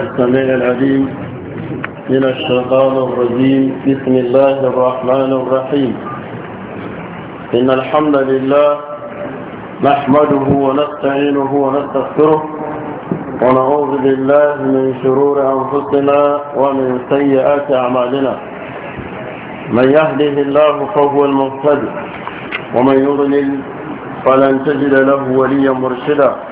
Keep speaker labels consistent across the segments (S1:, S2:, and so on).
S1: السميع العليم من الشيطان الرجيم بسم الله الرحمن الرحيم إن الحمد لله نحمده ونستعينه ونستغفره ونعوذ بالله من شرور أنفسنا ومن سيئات أعمالنا من يهده الله فهو المهتدي ومن يضلل فلن تجد له وليا مرشدا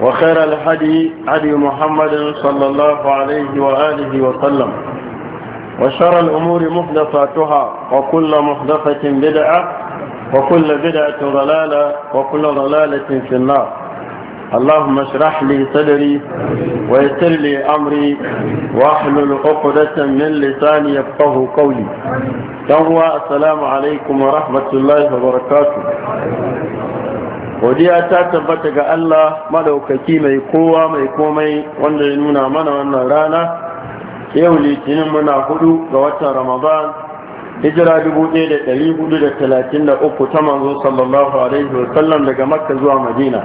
S1: وخير الهدي هدي محمد صلى الله عليه وآله وسلم وشر الأمور محدثاتها وكل محدثة بدعة وكل بدعة ضلالة وكل ضلالة في النار اللهم اشرح لي صدري ويسر لي أمري واحلل عقدة من لساني يفقه قولي السلام عليكم ورحمة الله وبركاته godiya ta tabbata ga Allah madaukaki mai kowa mai komai wanda ya nuna mana wannan rana yau litinin muna hudu ga watan ramadan hijira 1433 ta manzo sallallahu alaihi wa sallam daga makka zuwa madina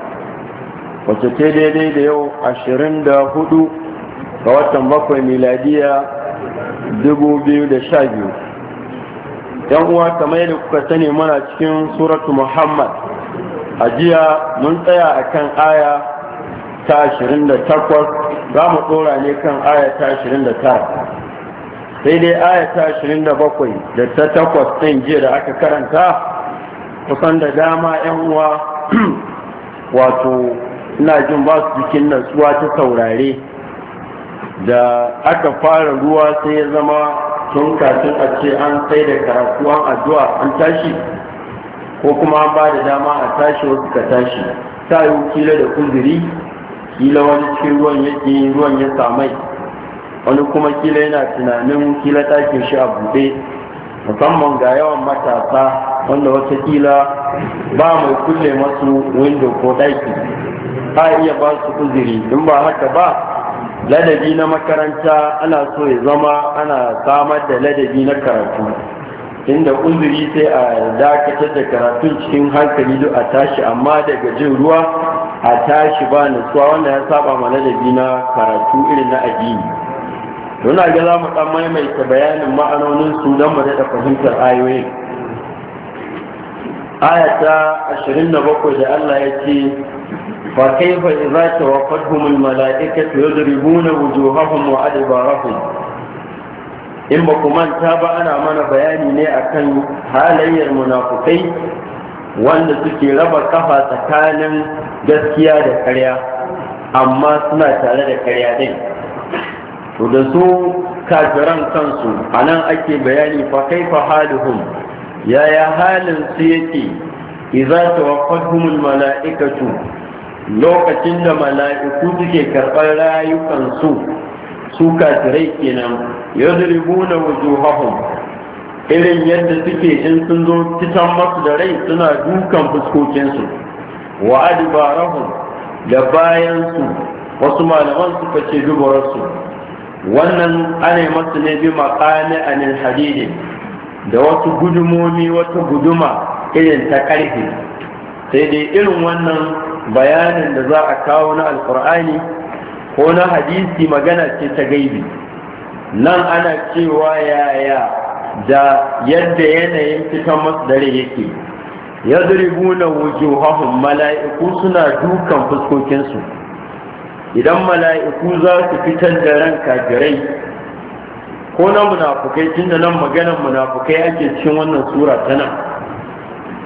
S1: wacce ce daidai da yau 24 ga watan bakwai miladiya 2012 yan uwa kamar yadda kuka sani muna cikin suratu muhammad a jiya mun tsaya a kan aya ta 28 za mu tsora ne kan aya ta 29 sai dai aya ta 27 da ta takwas ɗin jiya da aka karanta kusan da dama 'yan uwa wato ina jin ba su jikin natsuwa ta saurare da aka fara ruwa sai ya zama tun kafin a ce an sai da karatuwan addu'a an tashi ko kuma an ba da dama a tashi wasu ka tashi ta yi kila da kuzuri kila wani cikin ruwan yake ruwan ya samai wani kuma kila yana tunanin kila takin shi a buɗe musamman ga yawan matasa wanda watakila ba mai kulle masu windo ko ɗaki ta iya ba su kuzuri in ba haka ba ladabi na makaranta ana so ya zama ana samar da ladabi na karatu inda uzuri sai a dakatar da karatun cikin hankali duk a tashi amma daga jin ruwa a tashi ba nutsuwa wanda ya saba mana na karatu irin na addini Muna ga za mu ɗan maimaita bayanin ma'anonin su don mu daɗa fahimtar ayoyin. Aya ta ashirin da bakwai da Allah ya ce, Fa kaifa idza tawaffatuhum al-mala'ikatu yadribuna wujuhahum wa adbarahum in ba ku manta ba ana mana bayani ne akan halayyar munafukai wanda suke raba kafa tsakanin gaskiya da karya amma suna tare da karya din to da su kafiran kansu a nan ake bayani fa kai fa haluhum yaya halin su yake idza tawaffatuhumul mala'ikatu lokacin da mala'iku suke karɓar rayukansu su kafirai kenan yadribuna wujuhahum irin yadda suke in sun zo fitan masu da rai suna dukan fuskokinsu wa adibarahum da bayansu wasu malaman suka ce dubararsu wannan ana masu ne bi makani anil da wasu gudumomi wata guduma irin ta karfe sai dai irin wannan bayanin da za a kawo na alkur'ani ko na hadisi magana ce ta gaibi nan ana cewa yaya da yadda yanayin fitan masu dare yake ya na wujuhahum mala'iku suna dukan fuskokinsu idan mala'iku za su fitar da ran kafirai ko na munafukai tunda nan magana munafukai ake cikin wannan sura ta nan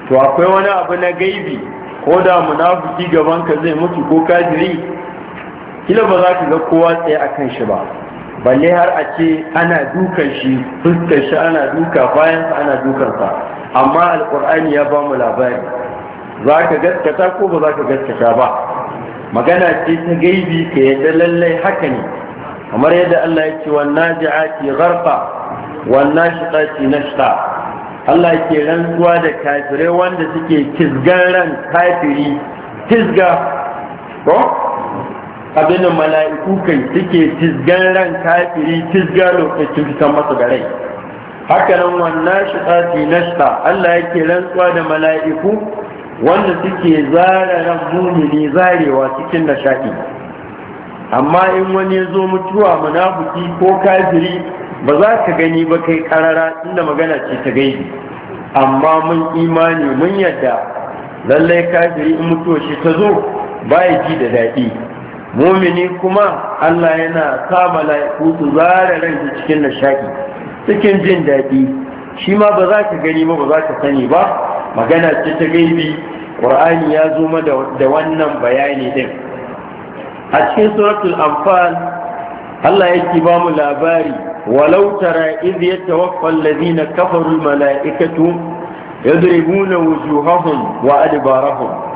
S1: to akwai wani abu na gaibi ko da munafuki gaban ka zai mutu ko kafiri kila ba za ka ga kowa tsaye a kan shi ba balle har a ce ana dukan shi fuskar shi ana duka bayan sa ana dukansa amma alkur'ani ya ba mu labari za ka gaskata ko ba za ka gaskata ba magana ce ta gaibi ka yadda lallai haka ne kamar yadda Allah ya ce wannan ji'ati gharfa wannan shiqati nashta Allah ke rantsuwa da kafirai wanda suke kisgan ran kafiri kisga ko abin mala'iku kai suke tisgan ran kafiri tisga lokacin fitan masa da rai haka nan wannan shi tsati Allah yake rantsuwa da mala'iku wanda suke zara ran mumini zarewa cikin nishaɗi amma in wani ya zo mutuwa munafuki ko kafiri ba za ka gani ba kai karara inda magana ce ta gaibi amma mun imani mun yadda lallai kafiri in mutuwa shi ta zo ba ji da daɗi mumini kuma Allah yana sa mala'iku su ranki cikin nishaki cikin jin daɗi shi ma ba za ka gani ba ba za ka sani ba magana ce ta gaibi ƙur'ani ya zo da wannan bayani din a cikin suratul amfan,
S2: Allah yake ba
S1: mu labari walau tara idh yatawaffa alladhina kafaru almala'ikatu yadribuna wujuhahum wa adbarahum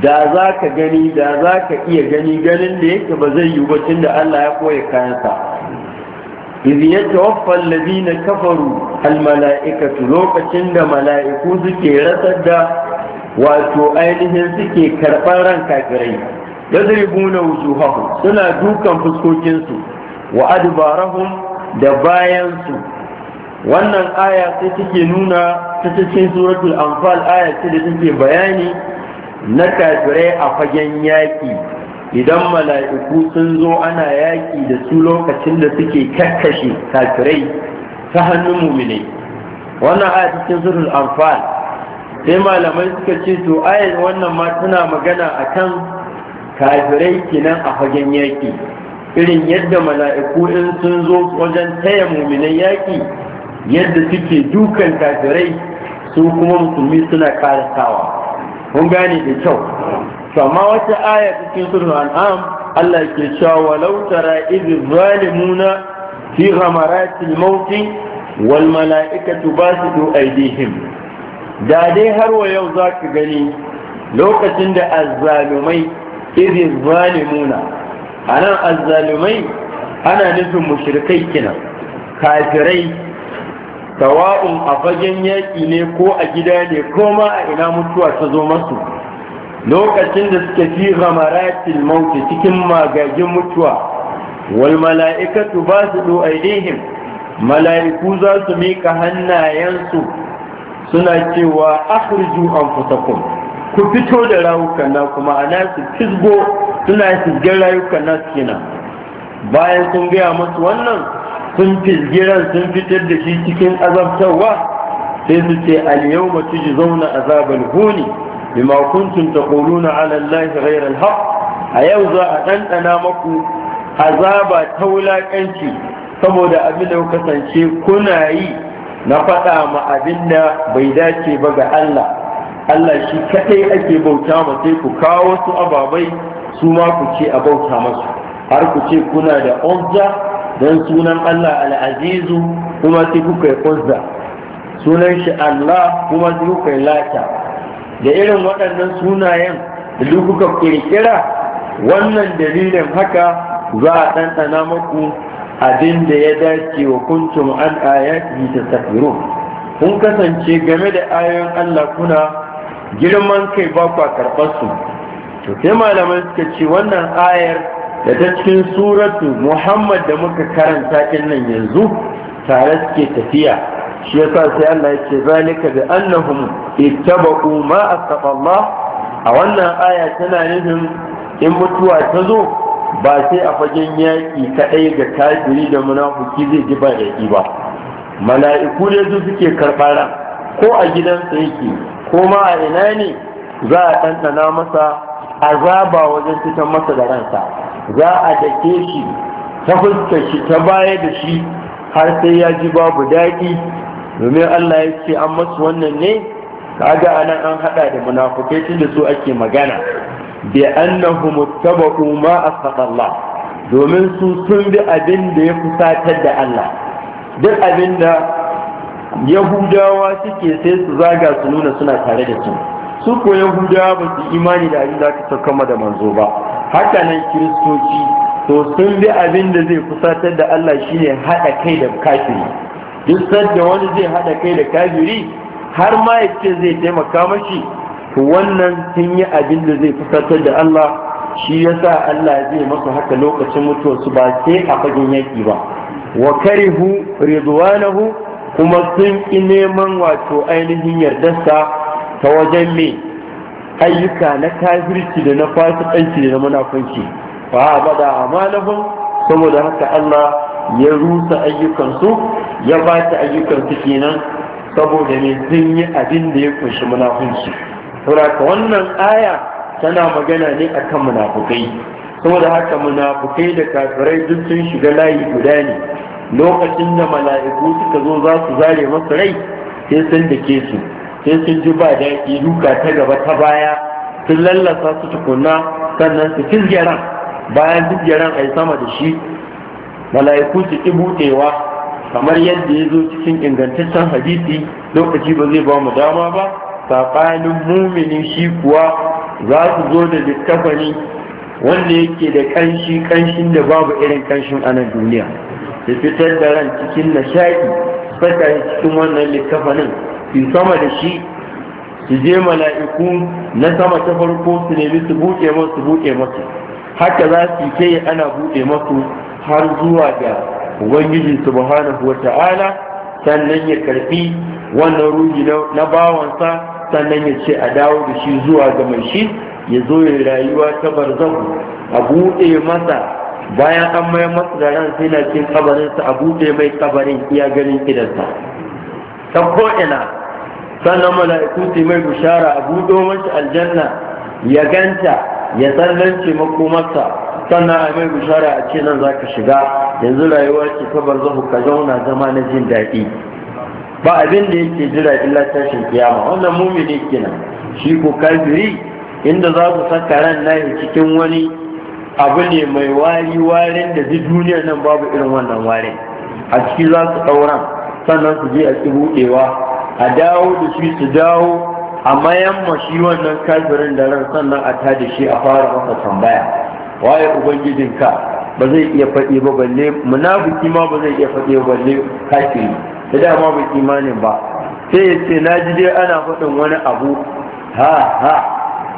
S1: da za ka gani da za ka iya gani ganin da yake ba zai yi bacin da Allah ya koya kayansa izi ya tawaffa na kafaru almala'ikatu lokacin da mala'iku suke rasar da wato ainihin suke karɓar ran kafirai wuce wujuhahum suna dukan fuskokinsu wa adubarahun da bayansu wannan aya sai take nuna ta cikin suratul anfal aya ce da take bayani na kafirai a fagen yaƙi idan mala'iku sun zo ana yaƙi da su lokacin da suke kakkashe kafirai ta hannun mumine wannan a cikin zurul anfal sai malamai suka ce to ayat wannan ma tana magana akan kafirai kenan a fagen yaƙi irin yadda mala'iku in sun zo wajen taya mumine yaƙi yadda suke dukan kafirai su kuma musulmi suna sawa. mun gane da kyau to amma wata aya cikin su an'am Allah ke cewa walau tara idh zalimuna fi ghamaratil maut wal mala'ikatu basitu aydihim da dai har wa yau zaka gani lokacin da azzalumai idh zalimuna anan azzalumai ana nufin mushrikai kenan kafirai sawa'un a fagen yaƙi ne ko a gida ne ko ma a ina mutuwa ta zo masu lokacin da suke fi ghamaratil mauti cikin magagin mutuwa wal mala'ikatu ba su do aidihim mala'iku za su mika hannayensu suna cewa akhriju anfusakum ku fito da rayukan na kuma ana su fisgo suna shigar rayukan nasu kenan bayan sun gaya masu wannan sun filgiran sun fitar da shi cikin azabtarwa sai su ce al-yawma tujzauna zauna huni bima kuntum taquluna ala allahi ghayra al a yau za a dandana maku azaba ta wulaƙanci saboda abin da kasance kuna yi na faɗa ma abin da bai dace ba ga Allah Allah shi kadai ake bauta ma sai ku kawo wasu ababai su ma ku ce a bauta masu har ku ce kuna da onza don sunan Allah al'azizu kuma sai kuka yi sunan shi Allah kuma sai kuka yi lata da irin waɗannan sunayen da duk kuka kirkira wannan dalilin haka za a ɗanɗana maku abin da ya dace wa kuntum an ayati tastakbirun kun kasance game da ayoyin Allah kuna girman kai ba ku karɓar su to sai malaman suka ce wannan ayar da ta cikin suratu muhammad da muka karanta din nan yanzu tare suke tafiya shi yasa sai Allah ya ce zalika da annahum ittaba'u ma astaqa Allah a wannan aya tana nufin in mutuwa ta zo ba sai a fagen yaƙi kaɗai ga kafiri da munafuki zai ji ba yaƙi ba mala'iku ne su suke karɓa ko a sa yake ko ma a ina ne za a ɗanɗana masa azaba wajen fitan masa da ransa za a dake shi ta fuskar shi ta baya da shi har sai ya ji babu daɗi domin Allah ya ce an masu wannan ne kaga anan an hada da munafukai tun da su ake magana bi annahu muttaba'u ma asqalla domin su sun bi abin da ya kusatar da Allah duk abin da yahudawa suke sai su zaga su nuna suna tare da su su ko yahudawa ba su imani da abin da aka sauka da manzo ba haka nan kiristoci to sun bi abin da zai kusatar da Allah shine haɗa kai da kafiri duk sadda wani zai haɗa kai da kafiri har ma ya zai taimaka mashi to wannan sun yi abin da zai kusatar da Allah shi yasa Allah zai masa haka lokacin su ba sai a fagen yaki ba wa karihu ridwanahu kuma sun ƙi neman wato ainihin yardarsa ta wajen me ayyuka na kafirci da na fasikanci da na munafunci fa bada amalahum saboda haka Allah ya rusa ayyukansu ya ba ta ayyukansu kenan saboda ne sun yi abin da ya kunshi munafunci saboda wannan aya tana magana ne akan munafukai saboda haka munafukai da kafirai duk sun shiga layi guda ne lokacin da mala'iku suka zo za su zare masa rai sai sun dake su sai sun ji ba daɗi duka ta gaba ta baya sun lallasa su tukuna sannan su gyara bayan fizge gyaran a sama da shi mala'iku su ki buɗewa kamar yadda ya zo cikin ingantaccen hadisi lokaci ba zai ba mu dama ba saɓanin mumini shi kuwa za su zo da littafani wanda yake da ƙanshi ƙanshin da babu irin ƙanshin a nan duniya da fitar da ran cikin nishaɗi saka cikin wannan littafanin su sama da shi su je mala'iku na sama ta farko su nemi su buɗe masu buɗe masu haka za su yi ana buɗe masu har zuwa ga ubangiji subhanahu wa ta'ala sannan ya karfi wannan ruhi na bawansa sannan ya ce a dawo da shi zuwa ga mai shi ya zo ya rayuwa ta barzahu a buɗe masa bayan an mayar masa da ran sai na cikin kabarinsa a buɗe mai kabarin iya ganin idansa ta ko'ina sannan mala'iku su mai bishara a buɗo mashi aljanna ya ganta ya tsallance makomarsa sannan a mai bishara a ce nan za ka shiga yanzu rayuwa ce ta zuhu ka zauna zama na jin daɗi ba abin da yake jira illa tashin kiyama wannan mumini kenan shi ko kafiri inda za ku saka ran nahi cikin wani abu ne mai wari warin da duk duniya nan babu irin wannan warin a ciki za su ɗauran sannan su je a ci buɗewa a dawo da shi su dawo a mayan shi wannan kafirin da ran sannan a ta da shi a fara masa tambaya waye ubangijinka ba zai iya faɗi ba balle munafiki ma ba zai iya faɗi ba balle kafiri da dama ba imanin ba sai ya ce na ji dai ana faɗin wani abu ha ha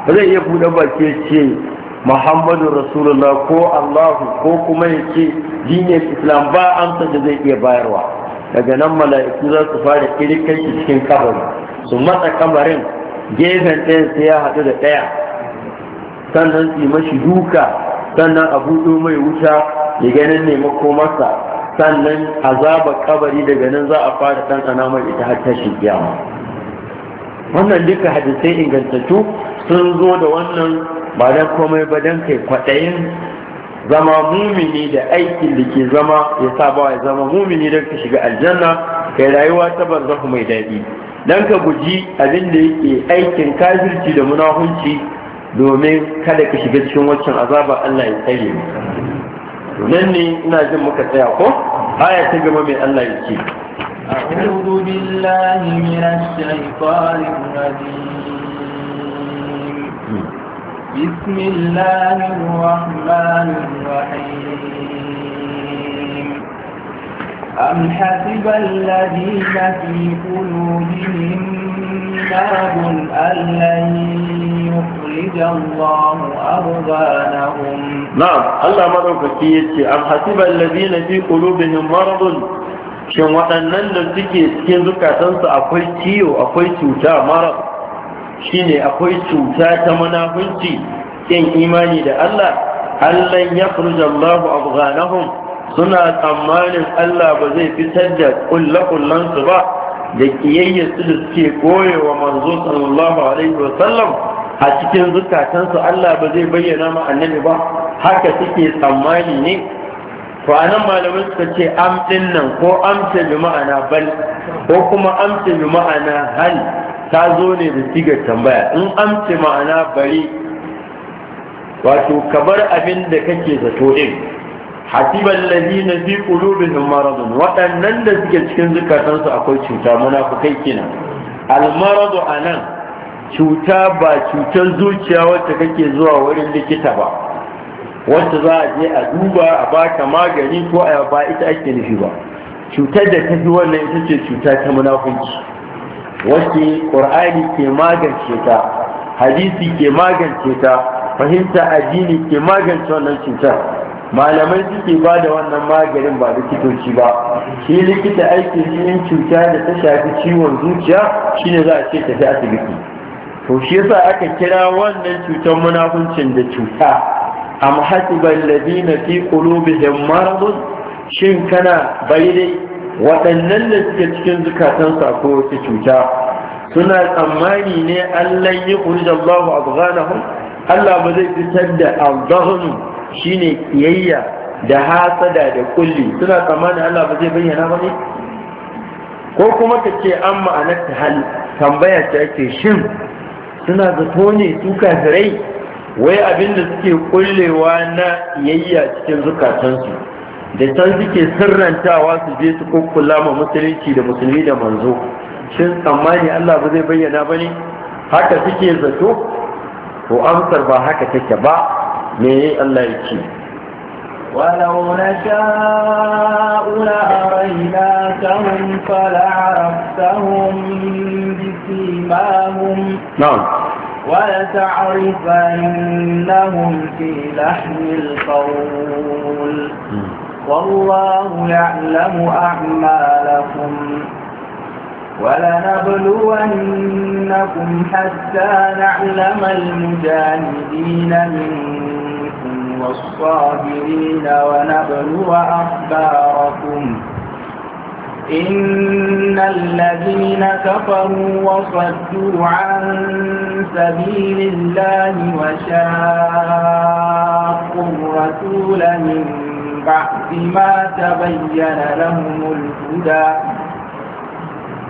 S1: ba zai iya buɗe baki ce muhammadu rasulullah ko allahu ko kuma ya ce dinin islam ba amsa da zai iya bayarwa daga nan mala'iku za su fara kirkan cikin kabari su matsa kamarin gefen ɗayan sai ya haɗu da ɗaya sannan su mashi duka sannan a buɗo mai wuta ya ganin ne masa, sannan a zaba kabari daga nan za a fara ɗanɗana mai ita har tashi ma wannan duka hadisai ingantattu sun zo da wannan ba dan komai ba dan kai kwaɗayin zama mumini da aikin da ke zama ya sa ba ya zama mumini don ka shiga aljanna kai rayuwa ta barzahu mai daɗi don ka guji abin da yake aikin kafirci da munahunci domin kada ka shiga cikin waccan azaba Allah ya tsare nan ne ina jin muka tsaya ko aya ta gama mai Allah ya ce
S2: أعوذ بالله من الشيطان الرجيم بسم الله الرحمن الرحيم أم حسب الذين في قلوبهم مرض أن لن يخرج الله أرضانهم
S1: نعم الله مرض كثيرة أم حسب الذين في قلوبهم مرض shin waɗannan da suke cikin zukatansu akwai ciwo akwai cuta mara shine akwai cuta ta munafunci kin imani da Allah allan ya furjallahu abghanahum suna tsammanin Allah ba zai fitar da kullakullan su ba da su da suke koyewa manzo sallallahu alaihi wa sallam a cikin zukatansu Allah ba zai bayyana ma annabi ba haka suke tsammani ne to anan malamai suka ce am nan ko amsa bi ma'ana bal ko kuma amsa bi ma'ana hal ta zo ne da sigar tambaya in amce ma'ana bari wato kabar abin da kake zato din hasiban ladina fi qulubihim maradun waɗannan da suke cikin zukatansu akwai cuta munafikai kenan al maradu anan cuta ba cutar zuciya wacce kake zuwa wurin likita ba wacce za a je a duba a baka magani ko a ba ita ake nufi ba cutar da ta fi wannan ita ce cuta ta munafunci wacce ƙur'ani ke magance ta hadisi ke magance ta fahimta addini ke magance wannan cutar malamai suke ba da wannan maganin ba likitoci ba shi likita aiki jinin cuta da ta shafi ciwon zuciya shine za a ce ta tafi asibiti to shi yasa aka kira wannan cutar munafuncin da cuta am hasiba alladhina fi qulubihim maradun shin kana bai dai waɗannan da suke cikin zukatansu ko wata cuta suna tsammani ne Allah yi kurji Allahu abghanahum Allah ba zai fitar da shi ne kiyayya da hasada da kulli suna tsammani Allah ba zai bayyana ba ne ko kuma ka ce an ma'anar ta hal tambaya ta ake shin suna zato ne su kafirai wai abinda da suke kullewa na kiyayya cikin zukatansu da can suke sirrantawa su je su kukkula ma musulunci da musulmi da manzo shin tsammani Allah ba zai bayyana ba ne haka suke zato to amsar ba haka take ba me Allah ya yake
S2: ولو نشاء لأريناكهم فلعرفتهم بسيماهم نعم ولتعرفنهم في لحن القول والله يعلم أعمالكم ولنبلونكم حتى نعلم المجاهدين منكم والصابرين ونبلو أخباركم إن الذين كفروا وصدوا عن سبيل الله وشاقوا الرسول منكم بعد بما تبين لهم الهدى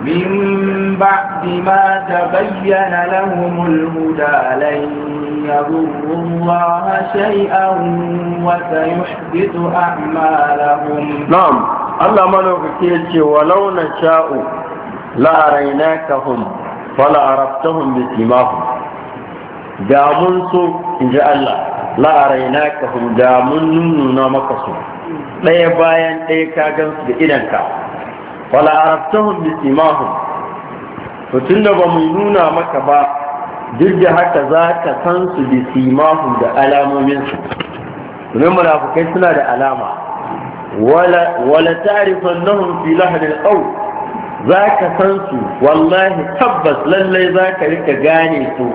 S2: من بعد ما تبين لهم الهدى لن يضروا الله شيئا وسيحبط أعمالهم
S1: نعم الله ملوك كيتي ولو نشاء لأريناكهم فلعرفتهم بسماهم da mun so in ji la'araina ka da mun nuna maka su ɗaya bayan ɗaya ka su da idanka wala arabtahum bi simahum to da ba mu nuna maka ba duk da haka za ka san su bi da alamomin su domin munafukai suna da alama wala wala ta'rifannahum fi lahdil qawl za ka san su wallahi tabbas lallai za ka rika gane su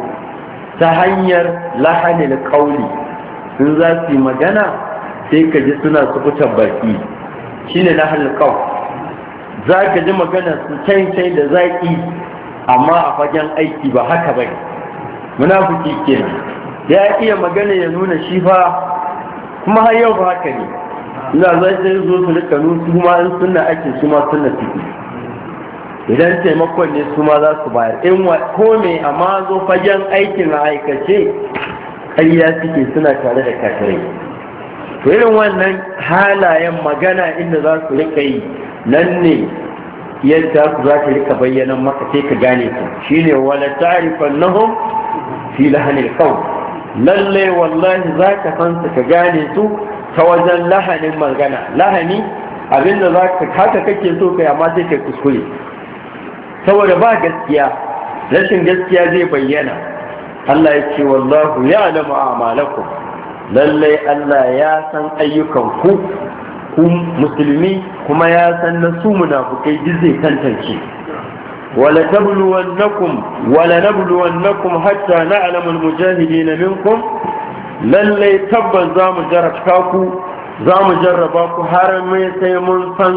S1: ta hanyar lahanin kauli sun za su yi magana sai ka ji suna sukutan baki ne na halkau za ka ji magana su cancai da zaƙi amma a fagen aiki ba haka bai munafiki kenan ya iya magana ya nuna shi fa kuma har yau ba haka ne ina zai sai zo su rika nun su ma in suna ake su ma suna suke idan taimakon ne su ma za su bayar in wa ko me amma zo fagen aikin a aikace ƙarya suke suna tare da kafirai to irin wannan halayen magana inda za su rika yi nan ne yadda su za ta rika bayyana maka sai ka gane su shine wala ta'rifan nahum fi lahanil qawl lalle wallahi za ka san su ka gane su ta wajen lahanin magana lahani abinda za ka haka kake so kai amma sai kai kuskure saboda ba gaskiya rashin gaskiya zai bayyana Allah ya ce wallahu ya alamu amalakum lallai Allah ya san ayyukan ku ku musulmi kuma ya san na su munafukai duk zai tantance wala tabluwannakum wala nabluwannakum hatta na'lamu almujahidin minkum lallai tabbas za mu jarabta ku za mu jarraba ku har mai sai mun san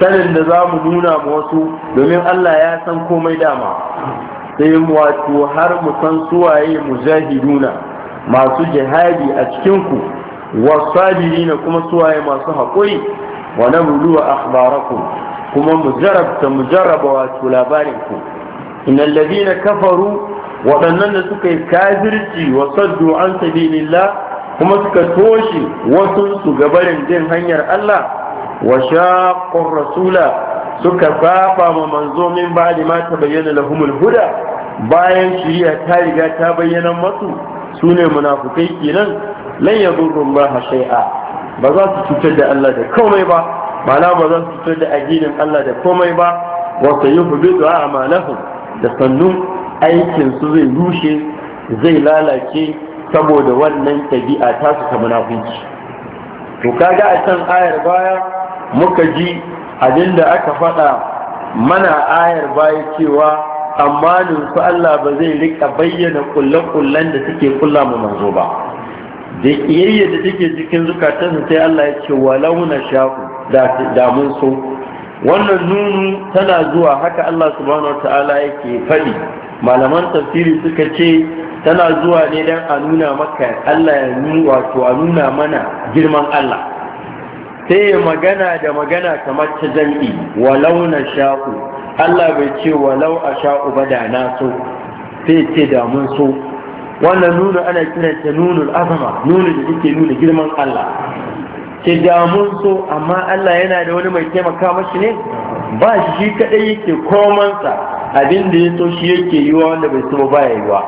S1: sanin da za mu nuna ma wasu domin Allah ya san komai dama sai wato har mu san suwaye mujahiduna masu jihadi a cikinku wasabirina kuma suwaye masu haƙuri wa na buluwa akhbarakum kuma mu jarabta mu jaraba wato labarinku innal ladina kafaru waɗannan da suka yi kafirci wa saddu an sabilillah kuma suka toshe wasu su gabarin jin hanyar Allah wa shaqqur rasula suka saba ma manzo min ba ma ta bayyana lahumul huda bayan shiriya ta riga ta bayyana masu su ne munafukai kenan lan yadurrum ba shay'a ba za su cutar da Allah da komai ba ma'ana ba za su cutar da addinin Allah da komai ba wa sayuhbidu a'malahum da sannu aikin su zai rushe zai lalace saboda wannan tabi'a ta su ta munafunci to kaga a can ayar baya muka ji abinda aka faɗa mana ayar baya cewa amma ninsu Allah ba zai rika bayyana kullen-kullen da suke kulla mu manzo ba da kiyayya da take cikin zukatansa sai Allah ya ce walau na sha'u da mun so wannan nunu tana zuwa haka Allah subhanahu wata'ala yake faɗi malaman tafsiri suka ce tana zuwa ne don a nuna maka Allah ya nuna wato a nuna mana girman Allah sai ya magana da magana kamar ta jam'i walau na sha'u Allah bai ce walau a sha'u ba da na so sai ce da mun so wannan nuna ana kiranta nunul azama nuna da take nuna girman Allah ce da mun so amma Allah yana da wani mai taimaka mashi ne ba shi shi kaɗai yake komansa abin da ya so shi yake yi wa wanda bai so ba ya yi wa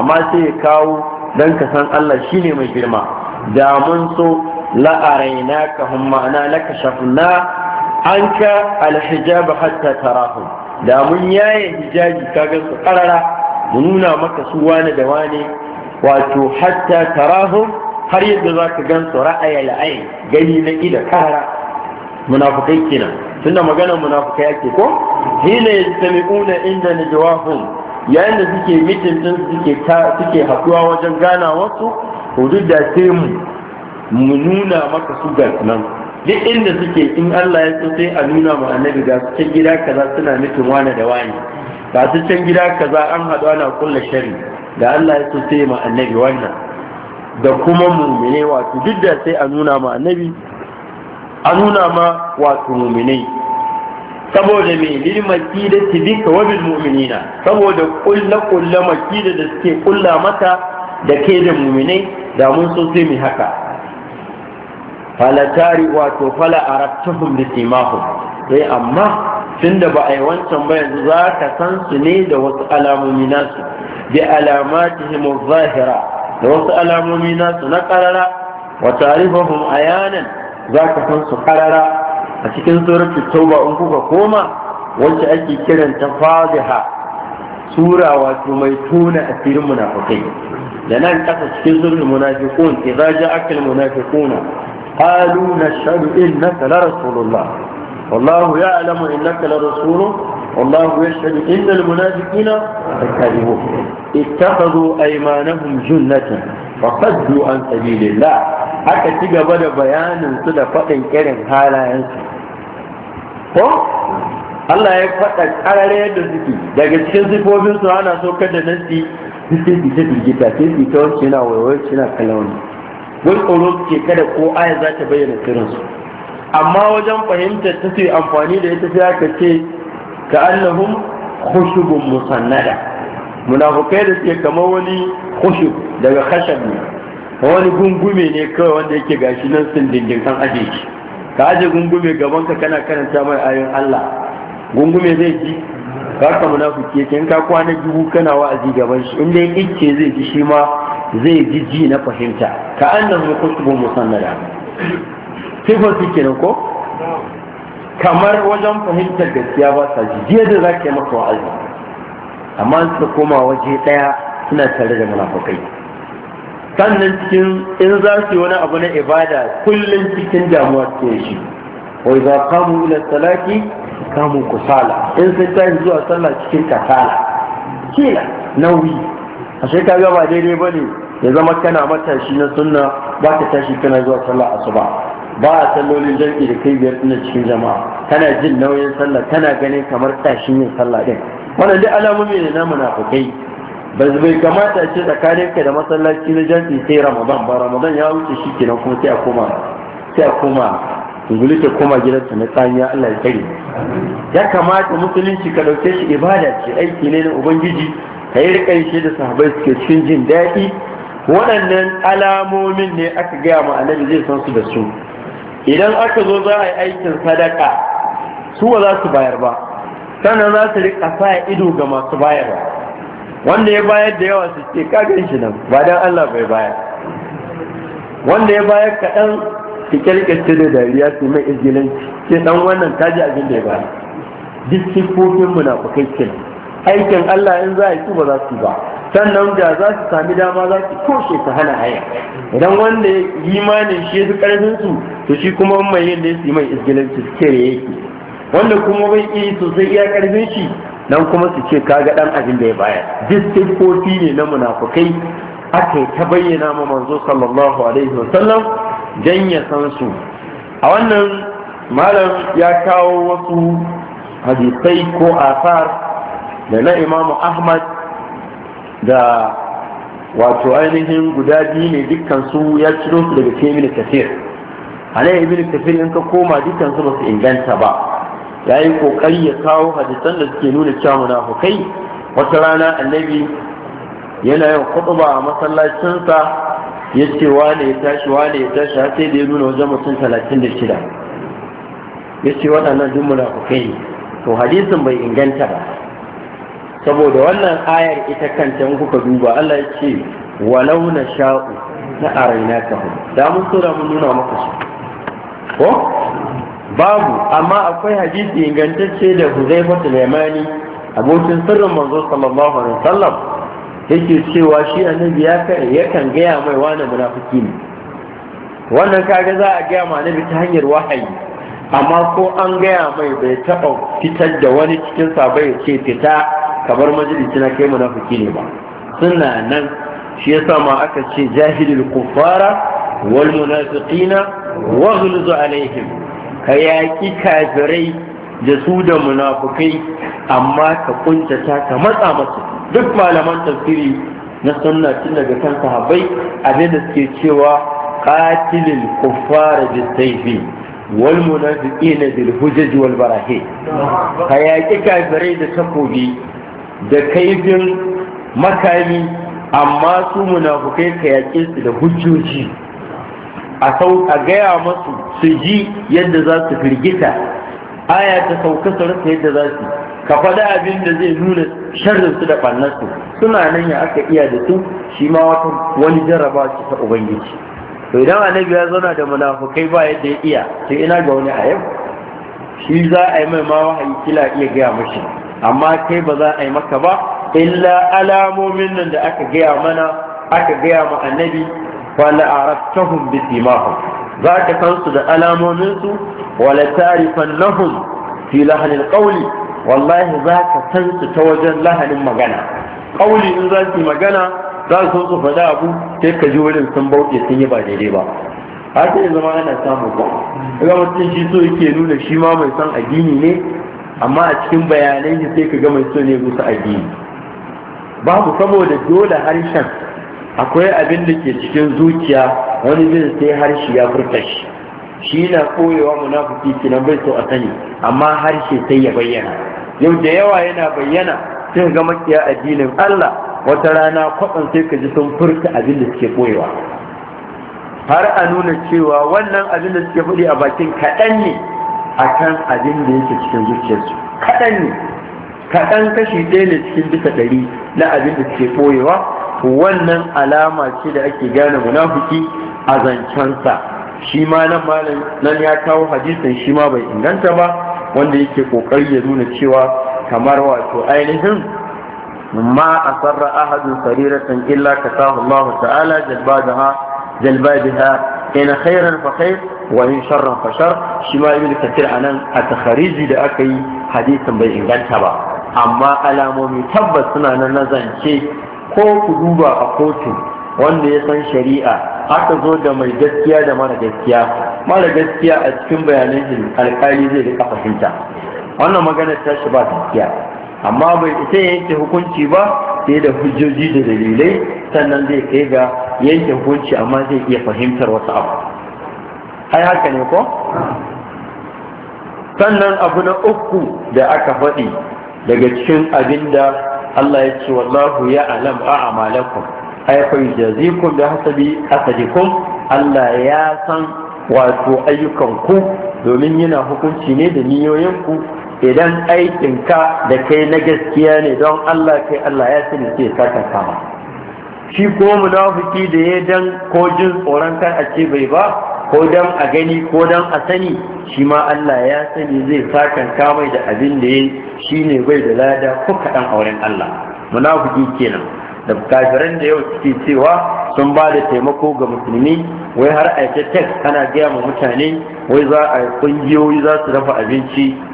S1: amma sai ya kawo dan ka san Allah shine mai girma da mun so la'araina ka hun ma'ana ka shafna an ka hatta tarahum da mun yaye hijabi gan su karara mu nuna maka su wani da wani wato hatta tarahum har yadda za ka gan su ra'aya la'ayi gani na ida karara munafukai kenan tunda maganar munafukai ake ko hina yastami'una inda najwahum yayin da suke mitin din suke haɗuwa wajen gana wasu to da sai mu mu nuna maka su ga nan duk inda suke in Allah ya so sai a nuna mu annabi ga cikin gida kaza suna nufin wani da wani ga su gida kaza an haɗu ana kulla shari da Allah ya so sai ma annabi wannan da kuma mumine wato duk da sai a nuna ma annabi a nuna ma wato mumine saboda me lil makida tibika wa bil mu'minina saboda kullu kullu makida da suke kulla mata da ke da muminai da mun so sai mu haka falatari wato fala arattuhum da simahum sai eh, amma tunda ba a yi wancan ba yanzu za ka san su ne da wasu alamomi nasu bi alamatihim zahira da wasu alamomi nasu na karara wa tarifahum ayanan za ka san su karara a cikin suratu tauba in kuka koma wacce ake ta fadiha sura wato mai tona asirin munafikai da nan kasa cikin suratu munafiqun idza ja'akal munafikuna قالوا نشهد إنك لرسول الله والله يعلم إنك لرسوله والله يشهد إن المنافقين الكاذبون اتخذوا أيمانهم جنة فصدوا عن سبيل الله haka ci gaba da bayanin su da faɗin irin halayensu ko Allah ya faɗa ƙarare yadda suke daga cikin sifofin ana so kada nan su su ta firgita sai su ta wacce na waiwai na kalawani wai tsoro ke kada ko aya za ta bayyana sirrinsu amma wajen fahimtar ta su amfani da ita sai aka ce ka annahum khushubun musannada munafukai da suke kamar wani khushub daga khashab ne wani gungume ne kawai wanda yake gashi nan sun dingin kan aje shi ka aje gungume gaban ka kana karanta mai ayoyin Allah gungume zai ji ka ka munafiki yake in ka kwana dubu kana wa'azi gaban shi in dai zai ji shi ma zai ji ji na fahimta ka annahu kutubun musannada sifar suke kenan ko kamar wajen fahimtar gaskiya ba sa ji jiya da za ka yi maka wa'azi amma suka koma waje daya suna tare da munafakai. sannan cikin in za su yi wani abu na ibada kullum cikin damuwa su shi wai za kamu ila salaki kamu kusala in sai ta yi zuwa sallah cikin kasala kila nauyi a shekaru ba daidai ba ne ya zama kana matashi na sunna ba ka tashi kana zuwa sallar asuba ba a sallolin jam'i da kai biyar ɗin cikin jama'a kana jin nauyin sallah kana ganin kamar tashin yin sallah din wannan duk alamomi ne na munafukai ba bai kamata ce tsakanin ka da masallaci na jam'i sai ramadan ba ramadan ya wuce shi kenan kuma sai a koma sai a koma ta koma ta na tsaniya Allah ya kare ya kamata musulunci ka ɗauke shi ibada ce aiki ne na ubangiji ka yi rikan shi da sahabai suke cikin jin daɗi waɗannan alamomin ne aka gaya ma annabi zai san su da su idan aka zo za a yi aikin sadaka su ba za su bayar ba sannan za su rika sa ido ga masu bayarwa wanda ya bayar da yawa su ce kagan shi nan ba dan Allah bai bayar wanda ya bayar kaɗan su kyalkace da dariya su mai izgilin ce dan wannan taji abin da ya bayar duk na munafukai kenan aikin Allah in za a yi su ba za su ba sannan da za su sami dama za su koshe su hana haya idan wanda ya imanin shi su karfin su to shi kuma mai yin da su mai isgilanci su kere yake wanda kuma bai iya sosai iya karfin shi nan kuma su ce kaga dan abin da ya bayar duk ne na munafukai aka yi ta bayyana ma manzo sallallahu alaihi wa sallam dan san su a wannan malam ya kawo wasu hadisai ko asar da na imamu ahmad da wato ainihin guda biyu ne dukkan ya ciro su daga cikin ibn kafir a nan ibn kafir in ka koma dukkan ba su inganta ba ya yi kokari ya kawo hadisan da suke nuna cewa munafukai wata rana annabi yana yin kutuba a masallacinsa ya ce wane ya tashi wane ya tashi har sai da ya nuna wajen mutum talatin da shida ya ce waɗannan duk munafukai ne to hadisin bai inganta ba saboda wannan ayar ita kanta in kuka duba Allah ya ce walau na sha'u na araina ka da mun tura mun nuna maka su ko babu amma akwai hadisi ingantacce da Huzaifa Sulaimani abokin sirrin manzo sallallahu alaihi wasallam yake cewa shi annabi ya yakan gaya mai wani munafiki ne wannan kaga za a gaya ma annabi ta hanyar wahayi amma ko an gaya mai bai taɓa fitar da wani cikin sabai ce fita kabar majalisi na kai munafiki ne ba suna nan shi yasa ma aka ce jahilul kufara wal munafiqina wa ghuluz alaihim ka yaki kafirai da su da munafukai amma ka kuntata ka matsa masu duk malaman tafsiri na sunna tun daga kan sahabbai da suke cewa qatilul kuffara bisayfi wal munafiqina bil hujaj wal barahi ka yaki kafirai da takobi da kaifin makami amma su munafukai ka yaƙi su da hujjoji a sau a gaya masu su ji yadda za su firgita aya ta sauka su rasa yadda za su ka faɗa abin da zai nuna sharrin su da ɓannarsu suna nan ya aka iya da su shi ma wata wani jarraba ce ta ubangiji to idan annabi ya zauna da munafukai ba yadda ya iya sai ina ga wani a yau shi za a yi mai ma wahayi kila iya gaya mashi amma kai ba za a yi maka ba illa alamomin nan da aka gaya mana aka gaya ma annabi wala araftahum bi simahum za ka san su da alamomin su wala tarifannahum fi lahanil qawli wallahi za ka san su ta wajen lahanin magana qawli in za magana za su so su faɗa abu sai ka ji wurin sun sun yi ba daidai ba har sai zama ana samu ba ga mutum shi so yake nuna shi ma mai san addini ne amma a cikin bayanai ne sai ka ga mai so ne rusa addini babu saboda dole harshen akwai abin da ke cikin zuciya wani zai sai harshe ya furta shi shi na koyewa munafiki kinan bai so a sani amma harshe sai ya bayyana yau da yawa yana bayyana sai ga makiya addinin Allah wata rana kwatsan sai ka ji sun furta abin da suke koyewa har a nuna cewa wannan abin da suke faɗi a bakin kaɗan ne akan abin da yake cikin zuciyarsu kaɗan ne kaɗan kashi ɗaya ne cikin bisa ɗari na abin da suke ɓoyewa wannan alama ce da ake gane munafuki a zancensa shi ma nan malam nan ya kawo hadisin shi ma bai inganta ba wanda yake kokari ya nuna cewa kamar wato ainihin ma asarra ahadun sariratan illa kasahu Allah ta'ala ha. jalbabiha in khairan fa khair wa in sharran fa shar shi ma ibnu kathir anan a takhariji da aka yi hadisin bai inganta ba amma alamomi tabbas suna nan na zance ko ku duba a kotu wanda ya san shari'a aka zo da mai gaskiya da mara gaskiya mara gaskiya a cikin bayanan shi zai rika fahimta wannan maganar ta shi ba gaskiya amma bai ita yanke hukunci ba sai da hujjoji da dalilai sannan zai kai ga yanke hukunci amma zai iya fahimtar wasu abu ai haka ne ko sannan abu na uku da aka faɗi daga cikin abin da Allah ya ce wallahu ya alam a amalakum ai fa yujazikum bi hasabi asadikum Allah ya san wato ayyukan ku domin yana hukunci ne da niyoyin ku idan ka da kai na gaskiya ne don Allah kai Allah ya sani sai saka kama shi ko munafiki da ya dan ko jin tsoron kar a ce bai ba ko dan a gani ko dan a sani shi ma Allah ya sani zai sakan kamai da abin da ya shi ne bai da lada ko kaɗan auren Allah munafiki kenan da kafiran da yau suke cewa sun ba da taimako ga musulmi wai har aike tek ana gaya ma mutane wai za a ƙungiyoyi za su dafa abinci